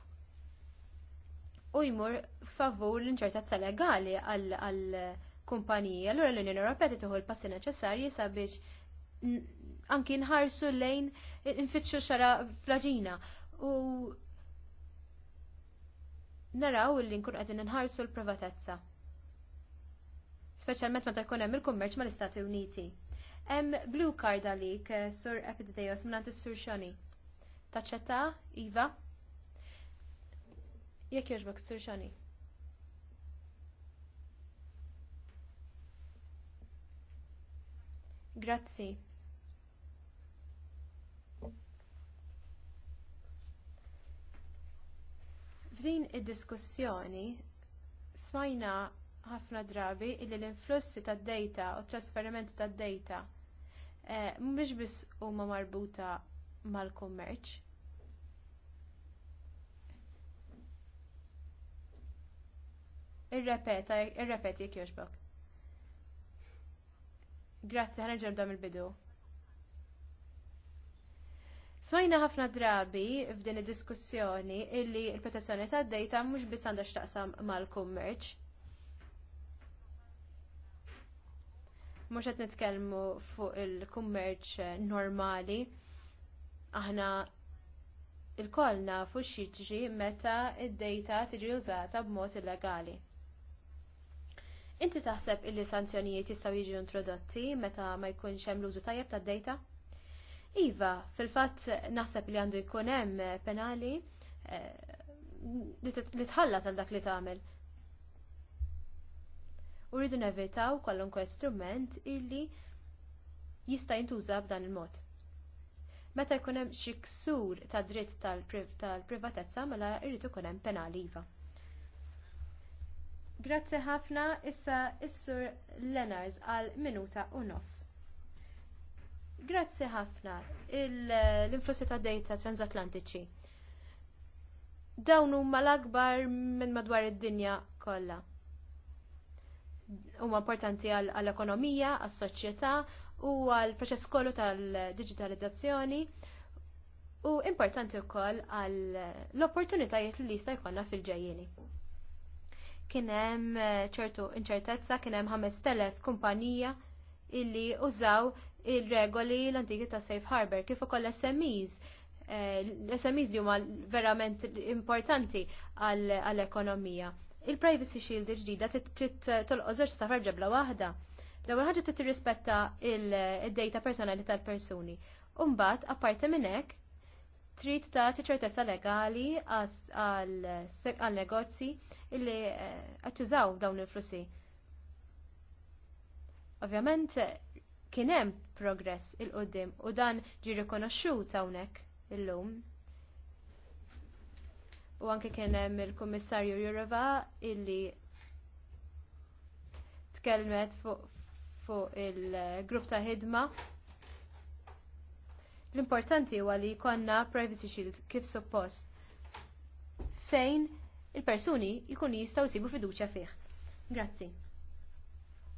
u jmur favur l-inċertezza legali għall kumpaniji allora l-Unjoni Ewropea titħu l-passi neċessarji sabiex anki nħarsu lejn nfittxu xara flaġina u naraw li nkun qegħdin nħarsu l-privatezza. Speċjalment meta jkun hemm il-kummerċ mal-Istati Uniti. Hemm blue card għalik eh, sur Epididejos minn sur Xoni. Taċċetta, Iva? Jekk jogħġbok sirxani. Grazzi. F'din id-diskussjoni smajna ħafna drabi illi l-influssi tad dejta u t trasferimenti tad dejta eh, mhumiex biss huma marbuta mal-kummerċ, Irrepeta, irrepeti jek joġbok. Grazzi, ħana ġerdom il-bidu. Smajna ħafna drabi f'din id-diskussjoni illi l-protezzjoni tad dejta mhux biss għandha x'taqsam mal-kummerċ. Mhux qed nitkellmu fuq il-kummerċ normali. Aħna il-koll nafu x'jiġri meta id-dejta tiġi użata b'mod illegali. Inti taħseb illi sanzjonijiet jistgħu jiġu introdotti meta ma jkunx hemm l-użu tajjeb tad-dejta? Iva, fil-fatt naħseb li għandu jkun hemm penali eh, li tħallas għal dak li tagħmel. U rridu nevitaw kwalunkwe strument illi jista' jintuża b'dan il-mod. Meta jkun hemm xi ksur ta' dritt tal-privatezza mela jrid ikun hemm penali iva. Grazzi ħafna issa s sur Lenars għal minuta u nofs. Grazzi ħafna l-influssi ta' dejta transatlantiċi. Dawn huma l-akbar minn madwar id-dinja kollha. Huma importanti għall-ekonomija, għas-soċjetà u għall-proċess kollu tal-digitalizzazzjoni u importanti wkoll għall opportunitajiet li jista' jkollna fil-ġejjieni kien hemm eh, ċertu inċertezza kien hemm 5000 kumpanija illi użaw il-regoli l-antiki ta' Safe Harbor kif ukoll SMEs l-SMEs eh, li huma verament importanti għall-ekonomija. Il-Privacy Shield ġdida trid tolqos ta' ta' ġebla waħda. L-ewwel ħaġa trid tirrispetta il-data personali tal-persuni. Umbat, apparti minn hekk trid tagħti ċertezza legali għal negozji illi eh, attużaw dawn il-flussi. Ovvjament kien hemm progress il-qudiem u dan ġi rikonoxxut hawnhekk illum. U anke kien hemm il-Kummissarju Jurova illi tkellmet fuq fu il-grupp ta' ħidma L-importanti huwa li jkollna privacy shield kif suppost fejn il-persuni jkunu jistgħu jsibu fiduċja fih. Grazzi.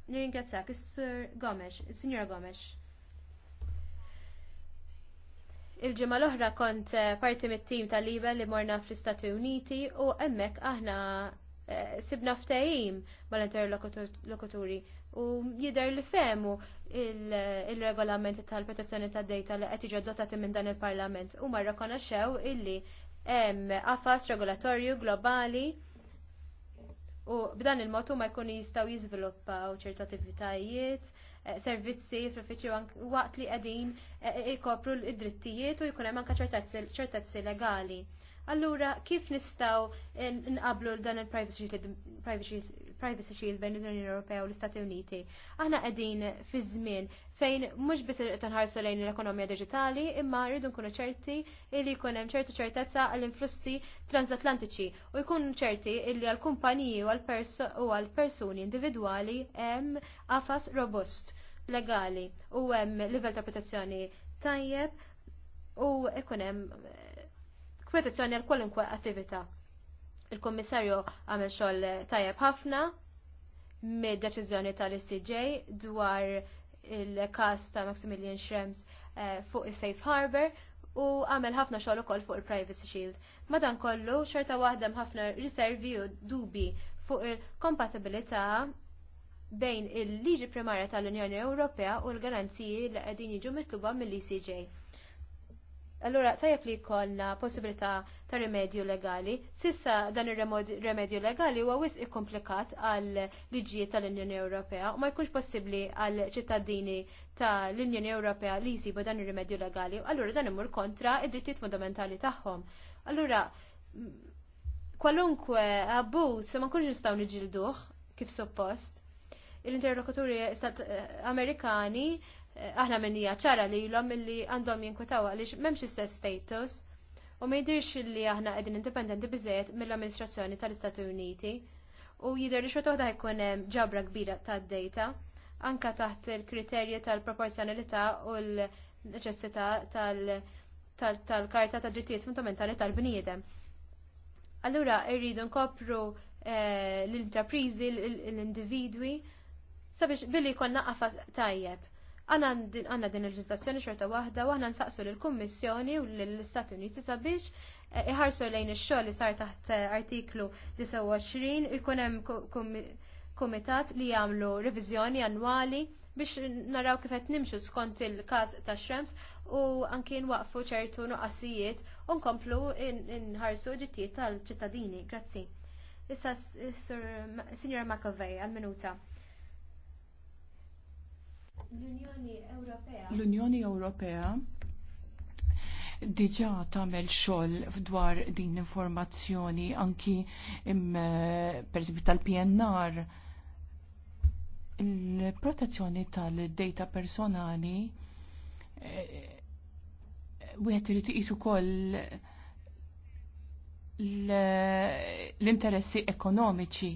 Nirringrazzjak is-Sur Gomes, is sinjora Gomes. Il-ġimgħa l-oħra kont eh, parti mit-tim tal-liba li morna fl-Istati Uniti u hemmhekk aħna eh, sibna ftehim mal-interlokuturi u jidher li femu il-regolamenti tal-protezzjoni tad data li qed jiġu adottati minn dan il-Parlament huma rrikonoxxew illi hemm qafas regolatorju globali u b'dan il-mod huma jkunu jistgħu jiżviluppaw ċertu attivitajiet, eh, servizzi fl-uffiċċju waqt li qegħdin eh, ikopru id-drittijiet u jkun hemm anke ċertezzi legali. Allura, kif nistaw nqablu dan il-privacy shield bejn l-Unjoni Ewropea u l-Istati Uniti? Aħna qegħdin fi żmien fejn mhux biss tanħarsu lejn l-ekonomija diġitali, imma rridu nkunu ċerti li jkun hemm ċertu ċertezza għall-influssi transatlantiċi u jkun ċerti li għall-kumpaniji u għall-persuni individwali hemm qafas robust legali u hemm livell ta' protezzjoni tajjeb u ikun hemm protezzjoni għal kwalunkwe attività. Il-Kommissarju għamel xogħol tajjeb ħafna mid-deċiżjoni tal-ICJ dwar il-kas ta' Maximilian Schrems eh, fuq is-Safe Harbor u għamel ħafna xogħol ukoll fuq il-Privacy Shield. Madankollu xorta waħdem ħafna riservi u dubi fuq il-kompatibilità bejn il-liġi primarja tal-Unjoni Ewropea u l-garanziji li qegħdin jiġu mitluba mill icj Allura, tajab li jkollna possibilità ta' rimedju legali. Sissa dan il-remedju legali huwa wisq ikkomplikat għal liġijiet tal-Unjoni Ewropea u ma jkunx possibbli għal ċittadini tal-Unjoni Ewropea li jsibu dan il-remedju legali. Allura dan imur kontra id-drittijiet fundamentali tagħhom. Allura, kwalunkwe abbuż ma nkunx nistgħu niġilduh kif suppost. l interlokuturi eh, Amerikani Eh, aħna minnija ċara li l-om illi għandhom jinkwetaw għalix memx istess status u ma jidirx li aħna għedin independenti bizziet mill-amministrazzjoni tal-Istati Uniti u jidir li xotoħda jkun ġabra kbira ta' data anka taħt il-kriterji tal-proporzjonalità u l-neċessità tal-karta ta' drittijiet fundamentali tal-bniedem. Allura, irridu nkopru eh, l-intraprizi, l-individwi, sabiex billi konna qafas tajjeb Għanna din il-ġistazzjoni xorta wahda u għanna nsaqsu l-Kommissjoni u l istat Uniti sabiex eh, iħarsu lejn ix xol li sar taħt eh, artiklu 29 ikun hemm komitat li jagħmlu reviżjoni annwali biex naraw kif qed nimxu skont il-każ ta' xrems u għankin waqfu ċertu nuqqasijiet u nkomplu nħarsu drittijiet tal-ċittadini. Grazzi. Issa Sinjora Makovej, għal-minuta. L-Unjoni Ewropea diġa tamel xoll dwar din informazzjoni anki eh, per tal-PNR il-protezzjoni tal-data personali eh, wieħed irid iqisu koll l-interessi ekonomiċi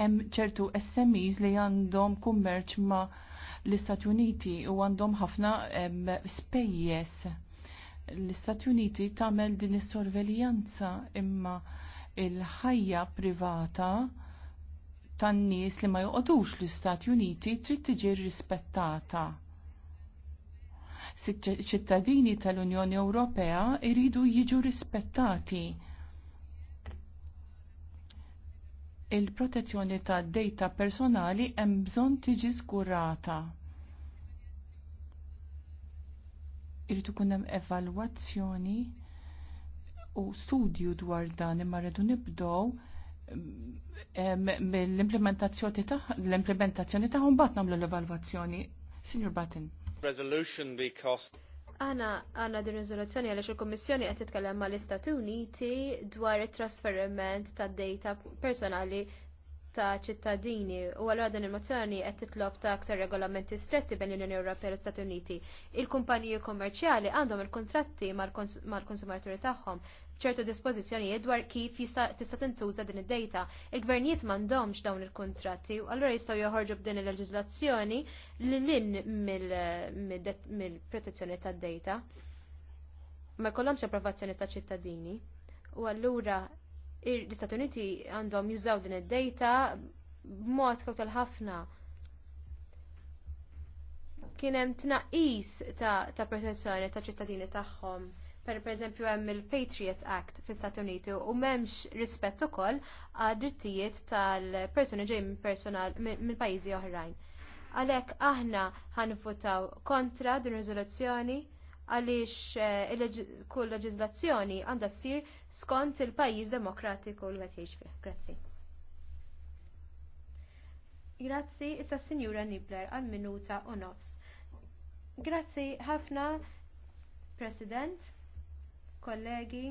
hemm ċertu SMEs li għandhom kummerċ ma l-Istati Uniti u għandhom ħafna spejjeż. L-Istati Uniti tagħmel din is-sorveljanza imma il-ħajja privata tan-nies li ma joqgħodux l-Istati Uniti trid tiġi rispettata. Ċittadini tal-Unjoni Ewropea jridu jiġu rispettati il-protezzjoni ta' data personali hemm bżonn tiġi skurata. Irid ikun hemm evalwazzjoni u studju dwar dan imma rridu nibdow mill-implementazzjoni l-implementazzjoni tagħhom bat nagħmlu l-evalwazzjoni. Signor Batten. Resolution because Għana għana din rizoluzzjoni għaliex il-Kommissjoni qed titkellem mal-Istati Uniti dwar it-trasferiment tad-data personali ta' ċittadini u għal din il-mozzjoni qed titlob ta' aktar regolamenti stretti bejn l-Unjoni Ewropea u l-Istati Uniti. Il-kumpaniji kommerċjali għandhom il-kontratti mal-konsumaturi tagħhom ċertu dispożizzjonijiet dwar kif tista' tintuża din id dejta Il-gvernijiet m'għandhomx dawn il-kontratti u allura jistgħu joħorġu b'din il-leġiżlazzjoni lil mill-protezzjoni tad dejta Ma jkollhomx approvazzjoni ta' ċittadini. U allura l istat Uniti għandhom jużaw din id-data b'mod tal ħafna. Kien hemm tnaqqis ta', ta protezzjoni ta' ċittadini tagħhom. Per eżempju hemm il-Patriot Act fl-Istati Uniti u m'hemmx rispett ukoll għad drittijiet tal-persuni ġej minn pajjiżi oħrajn. Għalhekk aħna ħanvutaw kontra din riżoluzzjoni għaliex eh, kull leġizlazzjoni għandha ssir skont il-pajjiż demokratiku li qed jgħix fih. Grazzi. Grazzi, issa Sinjura Nibler għal minuta u nofs. Grazzi ħafna, President, kollegi.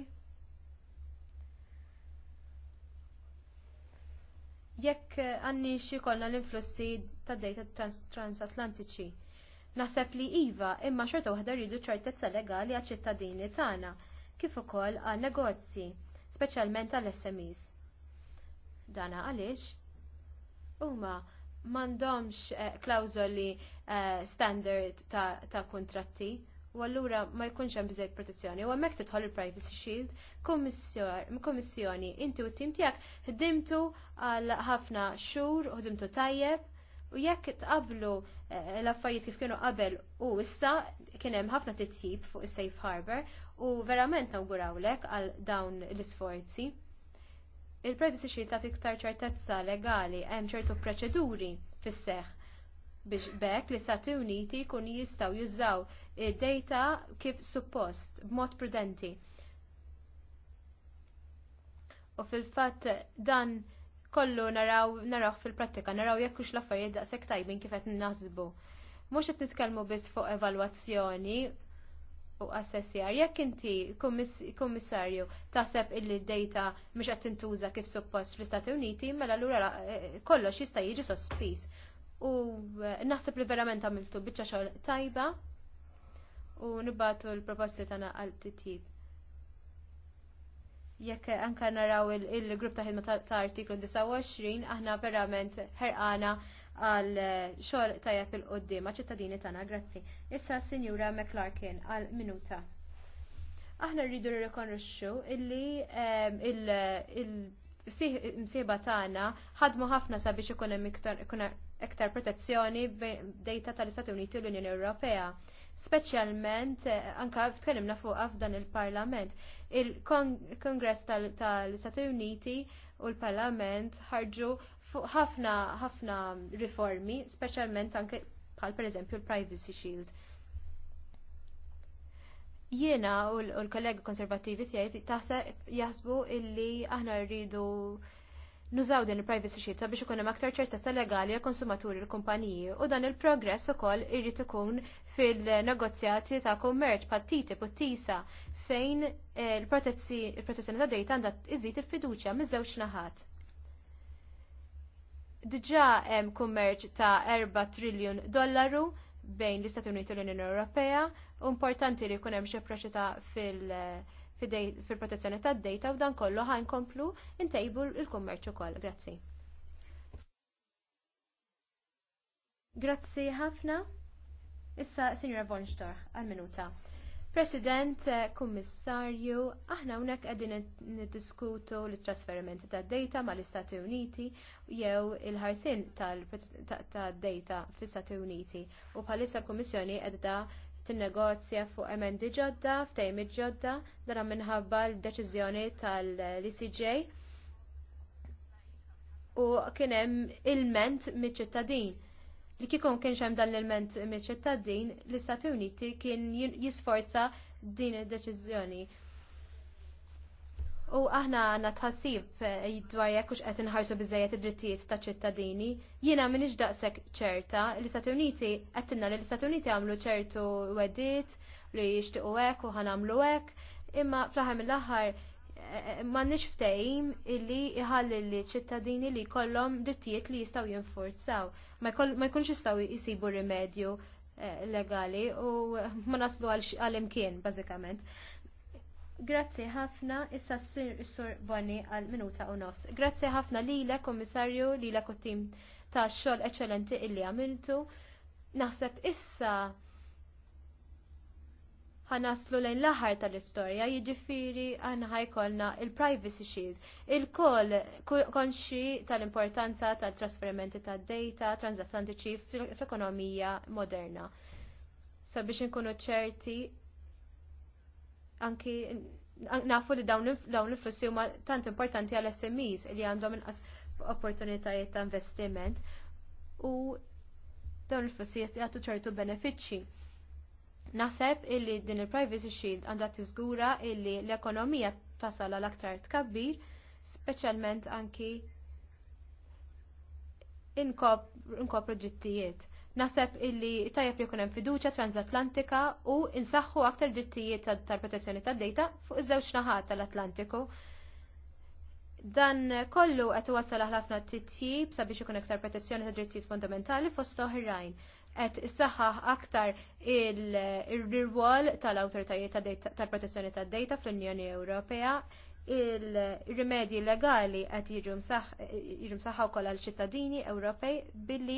Jekk għanni xie l-influssi ta' dejta transatlantiċi. Trans Naħseb li iva, imma xorta waħda rridu ċertezza legali għal ċittadini tagħna, kif ukoll għal negozji, speċjalment għal SMEs. Dana għaliex huma m'għandhomx eh, klawżoli eh, standard ta' kuntratti u allura ma jkunx hemm bżejt protezzjoni. U hemmhekk tidħol il-Privacy Shield, kummissjoni, inti u t-tim tiegħek ħdimtu għal ħafna xhur, ħdimtu tajjeb, U jekk tqablu eh, l-affarijiet kif kienu qabel u issa kien hemm ħafna titjib fuq is-safe harbor u verament nawgurawlek għal dawn l-isforzi. Il-privacy shield tagħti iktar ċertezza legali hemm ċertu proċeduri fis-seħħ biex bekk li Stati Uniti kun jistgħu jużaw id-data kif suppost b'mod prudenti. U fil-fatt dan kollu naraw naraw fil-prattika, naraw jekk hux l daqshekk tajbin kif qed nazbu Mhux qed nitkellmu biss fuq evalwazzjoni u assessjar. Jekk inti kummissarju taħseb illi d-dejta mhux qed tintuża kif suppost fl-Istati Uniti, mela lura eh, eh, kollox jista' jiġi sospiż. U eh, naħseb li verament għamiltu biċċa xogħol tajba u nibatu l-proposti tagħna għal titjib jekk anka naraw il-grupp ta' ħidma ta' artiklu 29, aħna verament ħerqana għal eh, xogħol tajjeb il-qoddim ma' ċittadini tagħna, grazzi. Issa Sinjura McClarkin għal minuta. Aħna rridu nirrikonrixxu illi ehm, il-msiba tagħna ħadmu ħafna sabiex ikun hemm iktar protezzjoni bejn dejta tal-Istati Uniti u l-Unjoni Ewropea speċjalment eh, anka tkellimna fuqha f'dan il-Parlament. Il-Kongress tal-Stati Uniti u l-Parlament ħarġu fuq ħafna ħafna riformi, speċjalment anke bħal pereżempju l-Privacy Shield. Jiena u l-kollegi konservattivi tiegħi taħseb jaħsbu illi aħna rridu nużaw din il-privacy sheet biex ikun hemm aktar ċertezza legali għal konsumaturi l kumpaniji u dan il-progress ukoll irid ikun fil-negozjati ta' kummerċ bħal TTIP u tisa fejn eh, il-protezzjoni ta' dejta għandha iżid il-fiduċja miż-żewġ naħat. Diġà hemm kummerċ ta' 4 triljun dollaru bejn l-Istati Uniti u l-Unjoni Ewropea, importanti li jkun hemm xi fil- fil-protezzjoni tad dejta u dan kollu ħankomplu intejbu il-kummerċu ukoll. Grazzi. Grazzi ħafna. Issa, Signora Von Storch, għal-minuta. President, eh, Kummissarju, aħna unek għedin niddiskutu l-trasferimenti ta' data mal istati Uniti jew il-ħarsin ta' data fl istati Uniti u bħalissa l-Kummissjoni għedda tinnegozja fuq emendi ġodda, ftejmi ġodda, dara minħabba l-deċiżjoni tal-ECJ u kien hemm ilment miċ-ċittadin li kikun kienx hemm dan l-ilment miċ-ċittadin l-Istati Uniti kien jisforza din id-deċiżjoni. U aħna għanna tħassib eh, dwar jekk hux qed inħarsu bizzajet id-drittijiet ta' ċittadini, jiena m'iniex daqshekk ċerta l-Istati Uniti qed tinna li l-Istati Uniti għamlu ċertu wedit li jixtiequ hekk u għamlu hekk, imma fl-aħħar mill ma eh, m'għandniex ftehim illi jħalli li ċittadini li jkollhom drittijiet li jistgħu jinfurzaw. Ma jkunx jistgħu jsibu rimedju eh, legali u ma naslu għal imkien bażikament. Grazzi ħafna, issa s-sur Bonni għal minuta u nofs. Grazzi ħafna li l komissarju li l tim ta' xol eccellenti illi għamiltu. Naħseb issa ħanaslu lejn l-aħħar tal-istorja, jiġifieri aħna il-Privacy Shield. Il-koll konxi tal-importanza tal-trasferimenti tad-data transatlantiċi fl-ekonomija moderna. Sabiex nkunu ċerti anki nafu li dawn l-flussi huma tant importanti għal SMEs li għandhom inqas opportunitajiet ta' investiment u dawn il-flussi jagħtu ċertu benefiċċji. Naħseb illi din il-Privacy Shield għandha tiżgura illi l-ekonomija tasal għal aktar tkabbir, speċjalment anki inkopru ġittijiet. Naħseb illi tajjeb li kunem fiduċa transatlantika u insaħħu aktar drittijiet tal-protezzjoni tad-dejta fuq iż-żewġ naħat tal-Atlantiku. Dan kollu qed iwassal ħafna titjib sabiex ikun iktar protezzjoni tad drittijiet fundamentali fost oħrajn qed issaħħaħ aktar il-rwol tal-awtoritajiet tal-protezzjoni tad-dejta fl-Unjoni Ewropea il-rimedji legali għat jiġu msaħħa kolla l ċittadini Ewropej billi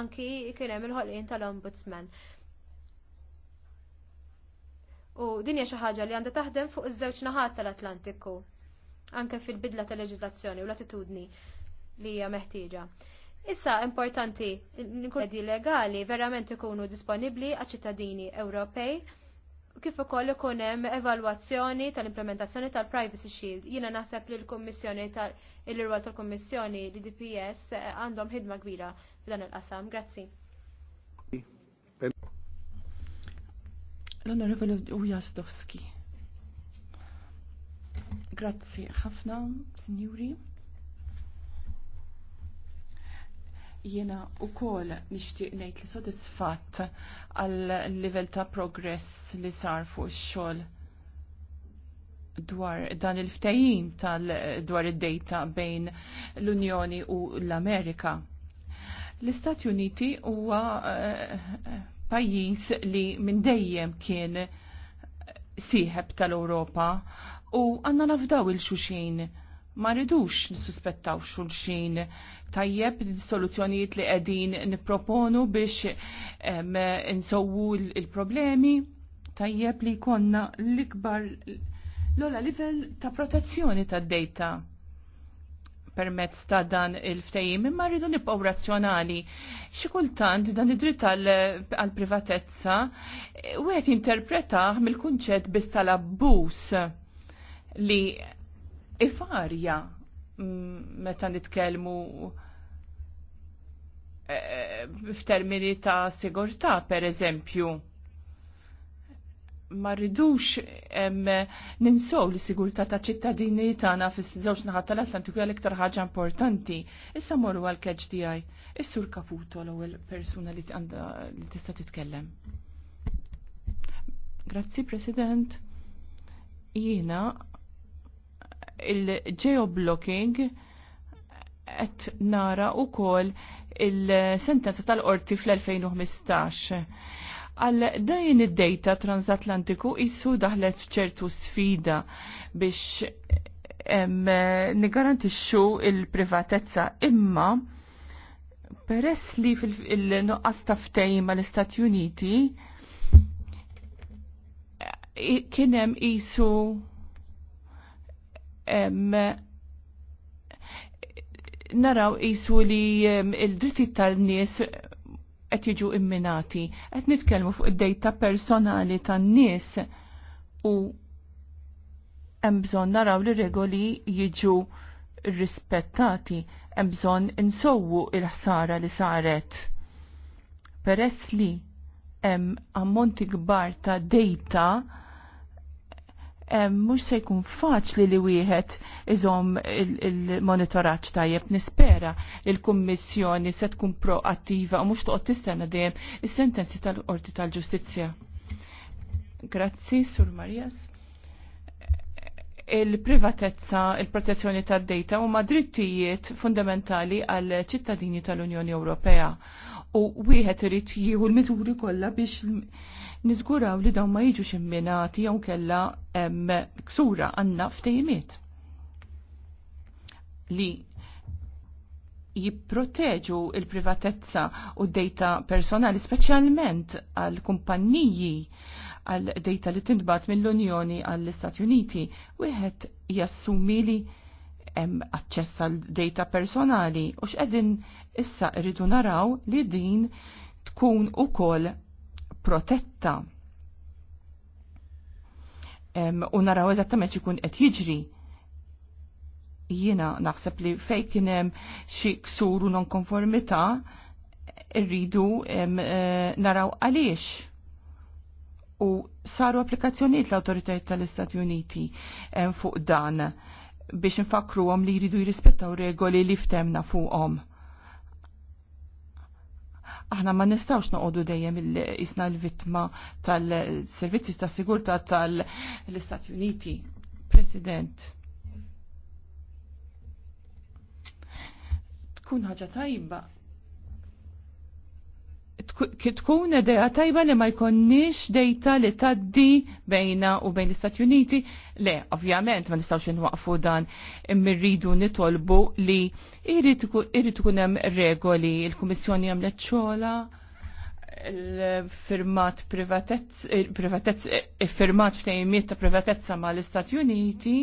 anki kien hemm il-ħolqien tal-Ombudsman. U din hija xi ħaġa li għandha taħdem fuq iż-żewġ naħat tal-Atlantiku anke fil-bidla tal-leġiżlazzjoni u l-attitudni li hija meħtieġa. Issa importanti l-inkuredi legali verament ikunu disponibbli għal ċittadini Ewropej kif ukoll ikun hemm evalwazzjoni tal-implementazzjoni tal-Privacy Shield. Jiena naħseb li l-Kummissjoni tal-irwol tal-Kummissjoni li DPS għandhom ħidma kbira f'dan il-qasam. Grazzi. L-Onorevoli Ujazdowski. Grazzi ħafna, signori. Jiena u kol nishtiq nejt li sodisfatt għal livell ta' progress li sar fuq xol dwar dan il ftajin tal dwar id-data bejn l-Unjoni u l-Amerika. L-Istati Uniti huwa eh, pajjiż li minn dejjem kien sieħeb tal-Ewropa u għanna nafdaw il-xuxin ma ridux nissuspettaw xulxin tajjeb soluzzjonijiet li qegħdin nipproponu biex insowu il-problemi tajjeb li jkollna l-ikbar l-ola livell ta' protezzjoni tad dejta permezz ta' dan il-ftejim, imma rridu nibqgħu razzjonali. Xi kultant dan id-dritt għall-privatezza wieħed jinterpretah mill-kunċett biss tal-abbuż li ifarja mm, meta nitkellmu eh, f'termini ta' sigurtà per eżempju. Ma rridux ninsow li sigurtà ta' ċittadini tagħna fis-żewġ naħat tal-Atlantiku hija iktar ħaġa importanti. Issa morru għal keġ tiegħi. Is-sur Caputo l-ewwel persuna li tista' titkellem. Grazzi President. Jiena il-geoblocking qed nara wkoll il-sentenza tal-qorti fl-2015. Għal dajn id-data transatlantiku jissu daħlet ċertu sfida biex nigarantixxu il-privatezza imma peress li fil-nuqqas taftej mal istati Uniti kienem jisu naraw jisu li il dritti tal-nies qed jiġu imminati. Qed nitkellmu fuq id-dejta personali tan-nies u hemm bżonn naraw li regoli jiġu rispettati, hemm bżonn insowwu il-ħsara li saret. Peress li hemm ammonti kbar ta' dejta mux se jkun faċli li wieħed iżom il-monitoraċ tajjeb nispera il-Kummissjoni se tkun proattiva u mux toqgħod tistenna dejjem is-sentenzi tal-Qorti tal-Ġustizzja. Grazzi, Sur Marias. Il-privatezza, il-protezzjoni tad-dejta huma drittijiet fundamentali għal ċittadini tal-Unjoni Ewropea u wieħed irid jieħu l-miżuri kollha biex Nizguraw li dawn ma jiġux imminati jew kella ksura għandna ftejmiet li jipproteġu il-privatezza u d-data personali, speċjalment għal kumpanniji għal data li tindbat mill-Unjoni għall istati Uniti, wieħed jassumi li hemm aċċess għal data personali u x'edin issa rridu naraw li din tkun ukoll protetta. U naraw eżattament ikun qed jiġri jiena naħseb li fej kien hemm xi ksuru nonkonformità rridu e, naraw għaliex. U saru applikazzjonijiet l-autoritajiet tal-Istati Uniti fuq dan biex nfakruhom li jridu jirrispettaw regoli li ftemna fuqhom aħna ma nistawx noqogħdu dejjem isna l-vittma tal-servizzi ta' sigurtà tal-Istati Uniti. President. Tkun ħaġa tajba tkun idea tajba li ma jkonniex dejta li taddi bejna u bejn l-Istati Uniti. Le, ovvjament, ma nistawx nwaqfu dan mirridu nitolbu li irrid ikun hemm regoli, il-Kummissjoni għamlet ċola firmat privatezz, firmat ftejmiet ta' privatezza ma' l-Istati Uniti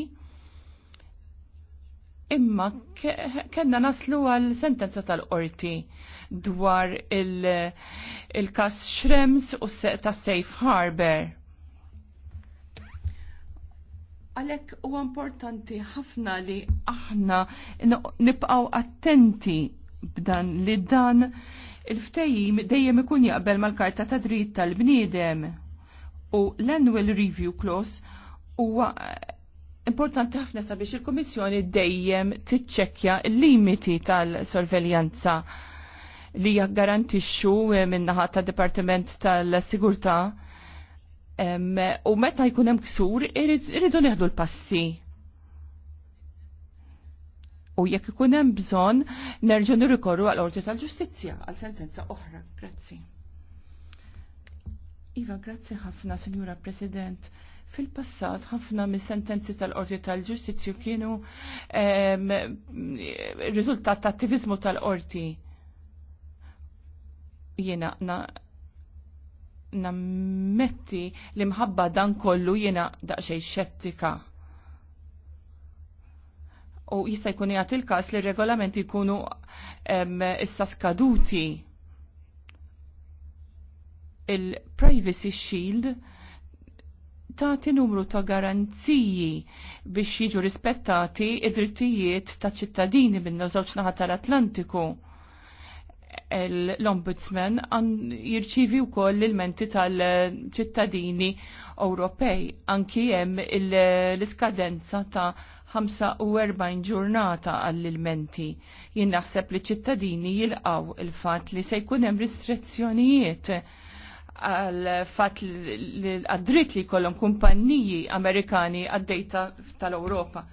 imma kena naslu għal sentenza tal-qorti dwar il-kas il Shrems u ta' Safe Harbor. Għalek u importanti ħafna li aħna nipqaw attenti b'dan li dan il-ftejjim dejjem ikun jaqbel mal-karta ta' dritt tal-bniedem u l-annual review clause huwa importanti ħafna sabiex il-Komissjoni dejjem tiċċekkja l limiti tal-sorveljanza li jaggarantixxu eh, minnaħa ta' Dipartiment tal-Sigurtà u meta jkun hemm ksur iridu neħdu l-passi. U jekk ikun hemm bżonn nerġgħu nirrikorru għal qorti tal-Ġustizzja għal sentenza oħra. Grazzi. Iva, grazzi ħafna, Sinjura President. Fil-passat, ħafna mis sentenzi tal-qorti tal-ġustizzju kienu riżultat ta' attivizmu tal-qorti. Jiena nammetti li mħabba dan kollu jiena daqxej xettika u jista' jkun jagħti il-każ li regolamenti jkunu issa skaduti il-Privacy Shield tagħti numru ta' garanziji biex jiġu rispettati id-drittijiet ta' ċittadini minn żewġ naħa tal-Atlantiku. L-Ombudsman jirċivi wkoll l-menti tal-ċittadini Ewropej anki hemm l-iskadenza ta' 45 ġurnata għall-ilmenti. Jien naħseb li ċittadini jilqaw il-fatt li se jkun hemm restrizzjonijiet għal fat li għadrit li kollom kumpanniji Amerikani għaddejta tal-Europa.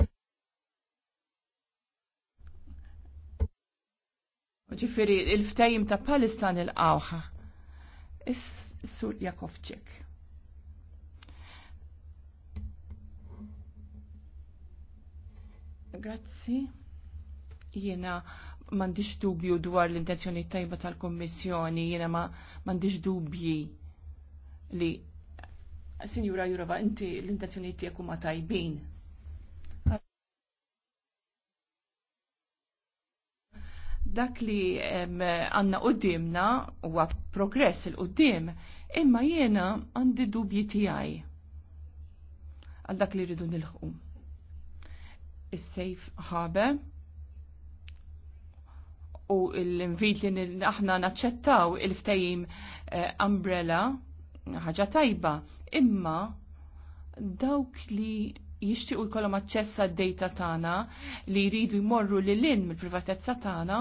Ġifiri, il-ftajim ta' Palestan il-qawħa. Is-sur Jakovċek. Grazzi. Jena mandiġ dubju dwar l-intenzjoni tajba tal-Kommissjoni, jena ma mandiġ dubji li Sinjura Jurova, inti l-intenzjoni tijek ma tajbin. Dak li għanna qoddimna huwa progress il-qoddim, imma jena għandi dubji tijaj għal dak li rridu nilħu. Is-safe harbor u l-invit li aħna naċċettaw il-ftajim eh, umbrella ħaġa tajba, imma dawk li jixtiequ jkollhom aċċess għad-dejta tagħna li jridu jmorru lil in mill-privatezza tagħna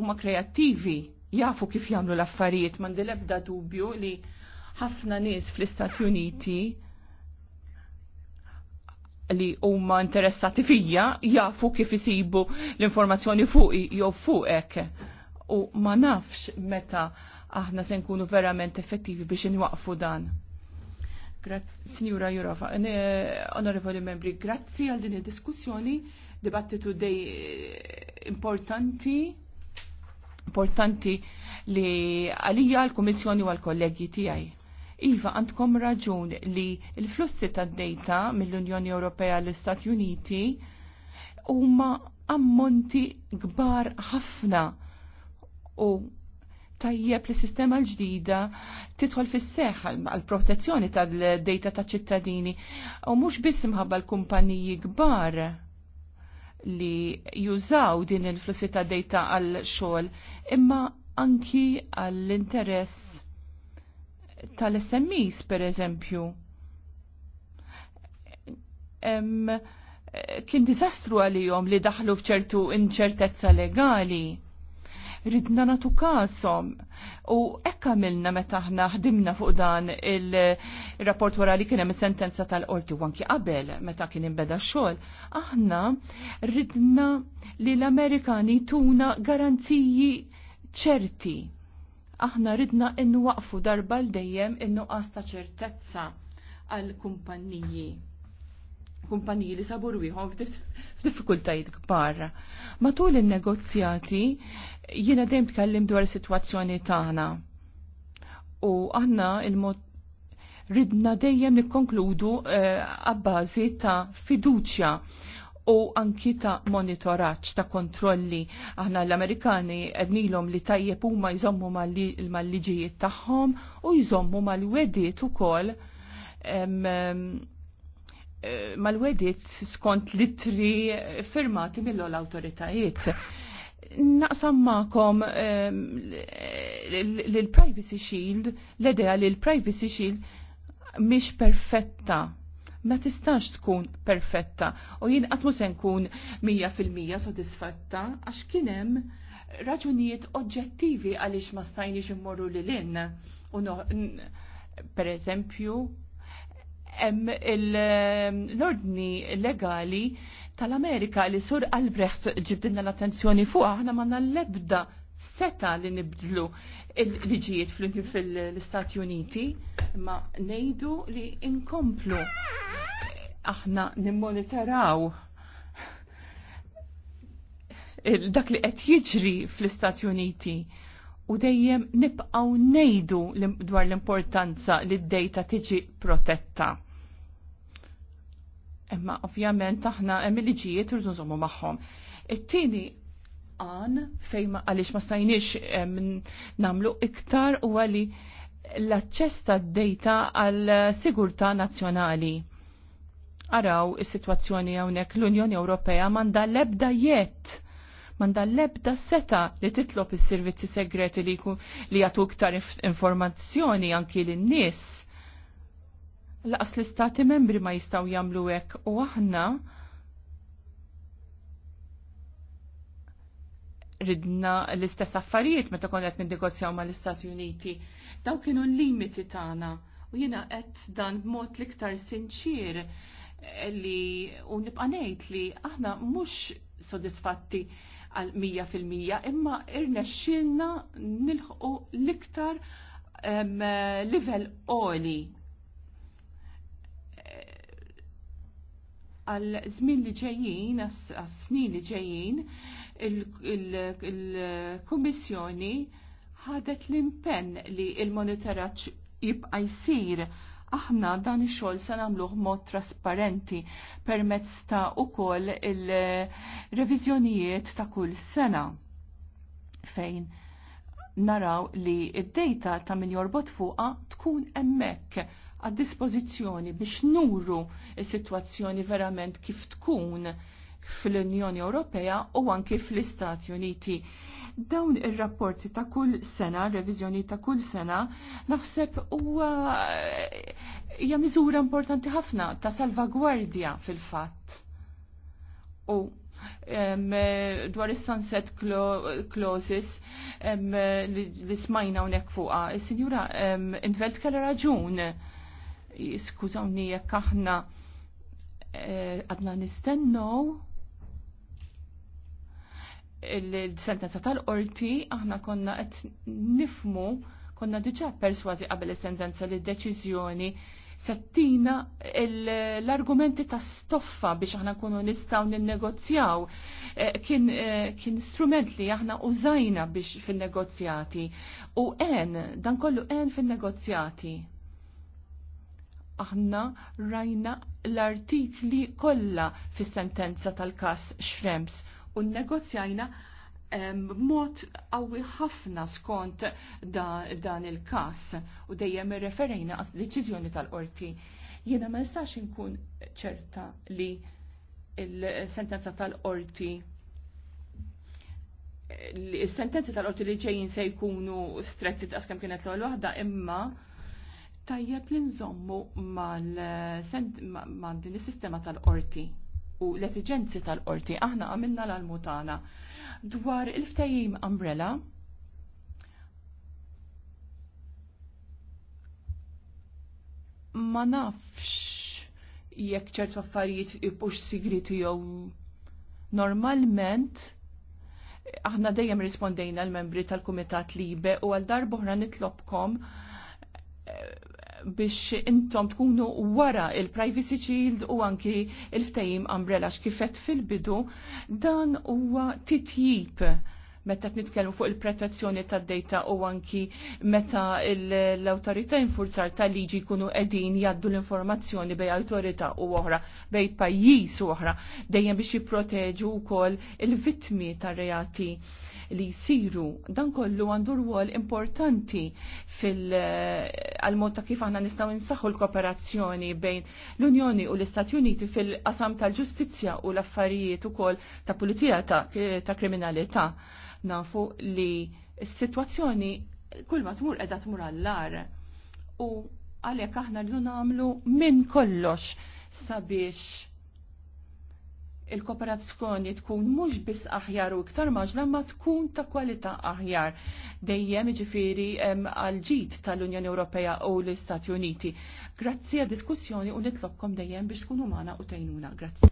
huma kreattivi jafu kif jagħmlu l-affarijiet m'għandi l-ebda dubju li ħafna nies fl-Istati Uniti li huma interessati fija jafu kif isibu l-informazzjoni fuqi jew fuqek. U ma nafx meta aħna se nkunu verament effettivi biex inwaqfu dan. Grazzi, Signora Jurova, onorevoli membri, grazzi għal din id-diskussjoni, dibattitu dej eh, importanti, importanti li għalija l komissjoni u għal-kollegi tijaj. Iva, għandkom raġun li il-flussi tad data mill-Unjoni Ewropea l-Istati Uniti huma ammonti kbar ħafna u tajjeb li sistema l-ġdida titħol fis seħ għal protezzjoni tal-data ta' ċittadini u mhux biss imħabba l-kumpaniji kbar li jużaw din il-flussi ta' data għal xogħol imma anki għall-interess tal-SMEs per eżempju. Kien disastru għalihom li daħlu f'ċertu inċertezza legali ridna natu kasom. U ekka milna meta ħna ħdimna fuq dan il-rapport wara li kienem sentenza tal-qorti u anki qabel meta kien imbeda xogħol, aħna ridna li l-Amerikani tuna garanziji ċerti aħna ridna waqfu darba l dejjem innu nuqqas ċertezza għal kumpanniji Kumpanniji li sabur wieħom f'diffikultajiet kbar. Matul in-negozjati jiena dejjem tkellim dwar is-sitwazzjoni tagħna. U aħna il-mod ridna dejjem nikkonkludu eh, għabbażi ta' fiduċja u anki ta' monitoraċ, ta' kontrolli. Aħna l-Amerikani ednilom li tajjeb huma jżommu mal-liġijiet tagħhom u jżommu mal-wedit ukoll eh, mal-wedit skont litri firmati mill-autoritajiet naqsam ma'kom l-Privacy Shield, l edea li l-Privacy Shield mhix perfetta ma tistax tkun perfetta u jien qatt mhux se nkun 100% sodisfatta għax kien hemm raġunijiet oġġettivi għaliex ma stajniex immorru lil in u per eżempju hemm l-ordni legali tal-Amerika li Sur Albrecht ġibdinna l-attenzjoni fuq aħna ma l-ebda seta li nibdlu l-liġijiet fl-Istati Uniti imma ngħidu li inkomplu aħna nimmonitaraw dak li qed jiġri fl-Istati Uniti u dejjem nibqgħu ngħidu dwar l-importanza li d-dejta tiġi protetta. Imma ovvjament aħna hemm liġijiet irdu nżommu magħhom. It-tieni għan fejn għaliex ma stajniex nagħmlu iktar u għali l-aċċess tad-data għal sigurtà nazzjonali. Araw is-sitwazzjoni hawnhekk l-Unjoni Ewropea m'għandha l-ebda jett manda l-ebda seta li titlob is servizzi segreti li, li jatu iktar informazzjoni anki l-nis. Laqas l-istati membri ma jistaw jamlu hekk u aħna ridna l-istess affarijiet meta konna qed ninnegozjaw mal-Istati Uniti. Daw kienu l-limiti tagħna u jiena qed dan b'mod l-iktar sinċir li u nibqa' ngħid li aħna mhux sodisfatti għal 100% imma irnexxilna nilħqu l-iktar livell oli għal żmien li ġejjin, għas snin li ġejjin, il-Kummissjoni ħadet l-impenn li il-monitoraġġ jibqa' jsir aħna dan ix-xogħol se nagħmluh mod trasparenti permezz ta' ukoll il-reviżjonijiet ta' kull sena fejn naraw li id-data ta' min jorbot fuqa tkun hemmhekk għad dispożizzjoni biex nuru s-sitwazzjoni verament kif tkun fl-Unjoni Ewropea u anki fl-Istati Uniti. Dawn ir-rapporti ta' kull sena, reviżjoni ta' kull sena, naħseb huwa eh, hija miżura importanti ħafna ta' salvagwardja fil-fatt. U eh, dwar is-sunset clauses eh, li smajna unek fuqha, Is-sinjura Invelt kella raġun. Skużawni jekk aħna għadna nistennow il-sentenza tal-qorti aħna konna qed nifmu konna diġà persważi qabel is-sentenza li d-deċiżjoni settina l-argumenti ta' stoffa biex aħna kunu nistaw ninnegozjaw. negozjaw eh, kien, eh, kien strument li aħna użajna biex fin negozjati u en, dan kollu en fin negozjati Aħna rajna l-artikli kollha fis-sentenza tal każ Schrems u negozjajna mod qawwi ħafna skont dan il-każ u dejjem referejna għas deċiżjoni tal-qorti. Jiena ma nistax inkun ċerta li il-sentenza tal-qorti il sentenza tal-qorti li ġejjin se jkunu stretti daqs kienet l waħda imma tajjeb li nżommu mal din is-sistema tal-qorti u l-esigenzi tal-qorti. Aħna għamilna l-almutana. Dwar il-ftajim umbrella, ma nafx jekk ċertu affarijiet ipux sigriti jew normalment aħna dejjem rispondejna l-membri tal-Kumitat Libe u għal darba oħra nitlobkom eh, biex intom tkunu wara il-Privacy Shield u anki il-ftajim umbrella x'kifet fil-bidu dan huwa titjib meta nitkellmu fuq il-protezzjoni tad-data u anki meta l autorita infurzar ta' liġi jkunu qegħdin jaddu l-informazzjoni bej autorita u oħra, bej pajjiż u oħra, dejjem biex jipproteġu wkoll il-vittmi tar-reati li jisiru. Dan kollu għandu rwol importanti fil-mod eh, ta' kif aħna nistgħu nsaħu l-kooperazzjoni bejn l-Unjoni u l-Istati Uniti fil-qasam tal-ġustizzja u l-affarijiet ukoll ta' pulizija ta', ta kriminalità. Nafu li s-sitwazzjoni kull ma tmur qiegħda tmur għallar u għalhekk aħna rridu nagħmlu minn kollox sabiex il-kooperazzjoni tkun mhux biss aħjar u iktar maġla ma tkun ta' kwalità aħjar dejjem jiġifieri għal ġid tal-Unjoni Ewropea u l-Istati Uniti. Grazzi għad diskussjoni u nitlobkom dejjem biex tkunu magħna u tgħinuna. Grazzi.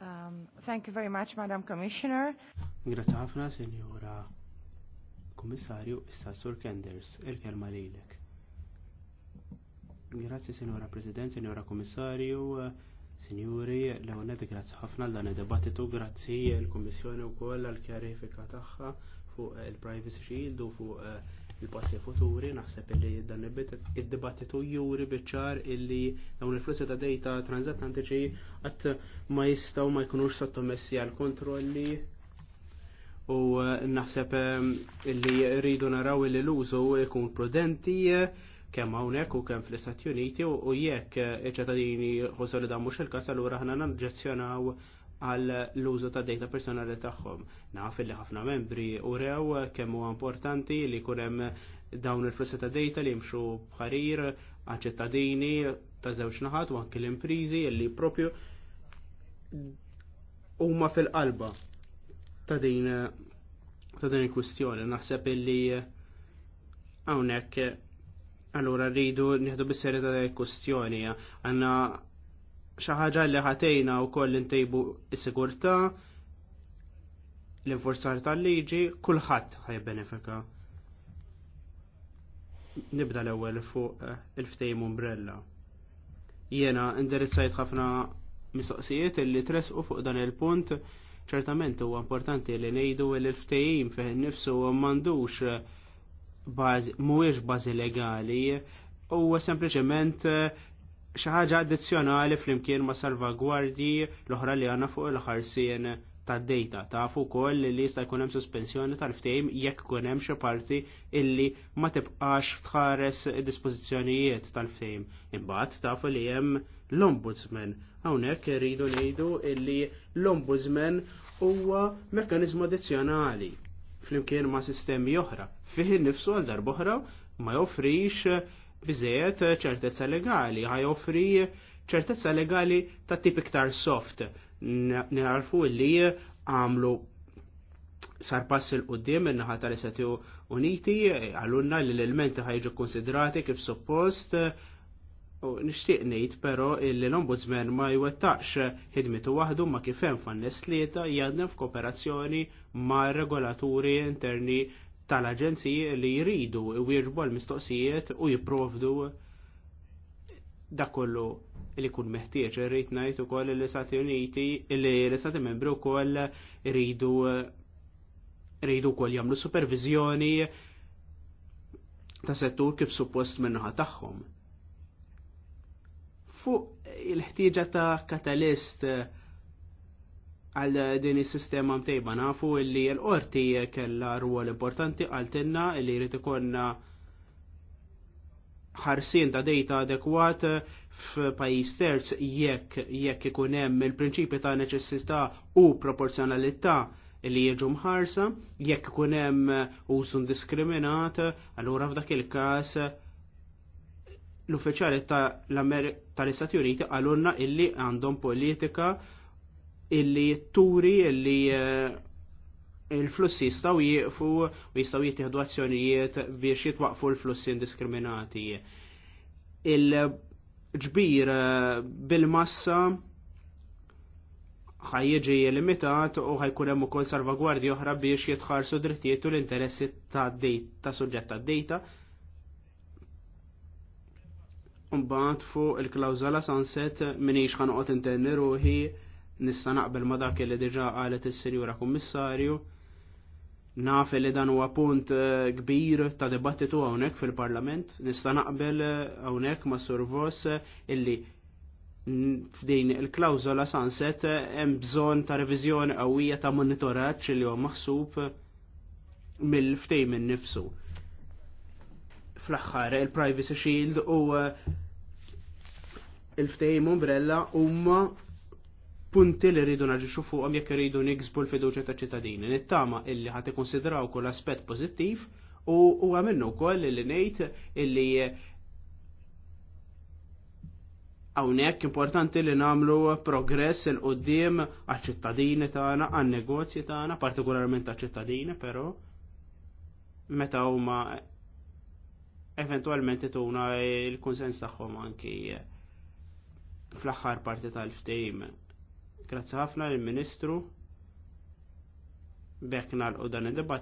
Um, thank you very much, Madam Commissioner. Grazzi ħafna, Senjora Kummissarju, issa Sur Kenders, il-kelma lilek. Grazzi, Senjora President, Senjora Kummissarju. Sinjuri, l-għonet grazzi ħafna l-dan id-debattitu, grazzi l-Kommissjoni u koll għal-kjarifika taħħa fuq il-Privacy Shield u fuq eh, il-passi futuri, naħseb li dan id-debattitu juri bieċar illi dawn il-flussi ta' data transatlantiċi għat ma jistaw ma jkunux sottomessi għal-kontrolli u eh, naħseb eh, illi rridu naraw illi l-użu jkun prudenti kemm hawnhekk u kemm fl-Istati Uniti u jekk eh, iċ-ċittadini ħossu li dan mhux il-każ allura aħna naġġezzjonaw għal l-użu ta' data personali tagħhom. Naf li ħafna membri u rew kemm huwa importanti li jkun hemm dawn il-flussi ta' data li jimxu bħarir għal ċittadini ta' żewġ naħat u anke l-imprizi li propju huma fil-qalba ta' din ta' din il-kwistjoni. Naħseb illi hawnhekk Allura rridu nieħdu bis-seri ta' kustjoni għandna xi ħaġa li ħatejna wkoll intejbu s-sigurtà l-infurzar tal-liġi kulħadd ħajbenefika. Nibda l-ewwel fuq eh, il-ftejm umbrella. Jiena indirizzajt ħafna mistoqsijiet li tresqu fuq dan il-punt ċertament huwa importanti li ngħidu l ftejim fih nifsu m'għandux eh, mhuwiex bażi legali huwa sempliċement eh, xi ħaġa addizzjonali flimkien ma' salvagwardji l-oħra li għandna fuq il-ħarsien tad-dejta. Tafu wkoll li jista' jkun hemm sospensjoni tal-ftehim jekk ikun hemm xi parti illi ma tibqax tħares dispożizzjonijiet tal-ftehim. Imbagħad tafu li hemm l-ombudsman. Hawnhekk irridu ngħidu illi l-ombudsman huwa mekkaniżmu addizzjonali flimkien ma' sistemi oħra. Fih nifsu għal darboħra ma joffrix biżejjed ċertezza legali, ħaj joffri ċertezza legali ta' tip iktar soft. Nħarfu li għamlu sar pass il-qoddim minnaħa tal-Istati Uniti, għallunna l-elementi ħajġu konsidrati kif suppost, U nixtieq ngħid pero l-Ombudsman ma jwettaqx ħidmitu waħdu ma kif fan-nies tlieta jgħadna f'kooperazzjoni ma' regolaturi interni tal-aġenziji li jridu jwieġbu l-mistoqsijiet u jipprovdu dak kollu li kun meħtieġ irrid ngħid ukoll l-Istati Uniti li l-Istati Membri wkoll iridu iridu wkoll jagħmlu supervizjoni ta' settur kif suppost minnaħa tagħhom fuq il-ħtieġa ta' katalist eh, għal din is-sistema mtejba nafu li l-qorti kellha rwol importanti għaltinna li jrid ikunna ħarsien ta' dejta adekwat f'pajjiż terz jekk jekk ikun hemm il-prinċipji ta' neċessità u proporzjonalità li jiġu mħarsa, jekk ikun hemm użu diskriminat, allura f'dak il-każ l-uffiċjali tal-Istati Uniti għalunna illi għandhom politika illi turi illi eh, il-flussi jistaw jiefu u jistaw jittieħdu azzjonijiet biex jitwaqfu l-flussi indiskriminati. Il-ġbir eh, bil-massa ħajjiġi limitat u ħajkun hemm ukoll salvagwardji oħra biex jitħarsu drittijiet u l-interessi ta' dejta, ta' suġġett ta' dejta Mbagħad fuq il-klawżola sunset minix ħanoqgħod intenni ruħi nista' naqbel ma dak li diġa' qalet is-Sinjura Kummissarju. Naf li dan huwa punt eh, kbir ta' dibattitu hawnhekk fil-Parlament, nista' naqbel eh, hawnhekk ma' Sur Voss eh, illi f'din il-klawżola sunset hemm bżonn ta' reviżjoni qawwija ta' monitoraġġ li huwa maħsub mill minn nifsu fl-axħar il-Privacy Shield u eh, il-ftejim umbrella umma punti li rridu naġiċu fuqom jekk rridu niksbu l-fiduċa ta' ċittadini. Nittama illi ħati konsidraw kull aspett pozittiv u għamennu koll li nejt illi għawnek eh, importanti li namlu progress il-qoddim għal ċittadini tagħna, għan negozji tagħna, partikolarment għal ċittadini, pero meta huma eventualment tuna il-konsens tagħhom anki fl-aħħar parti tal-ftehim. Grazzi ħafna il-Ministru bekna l dan id debat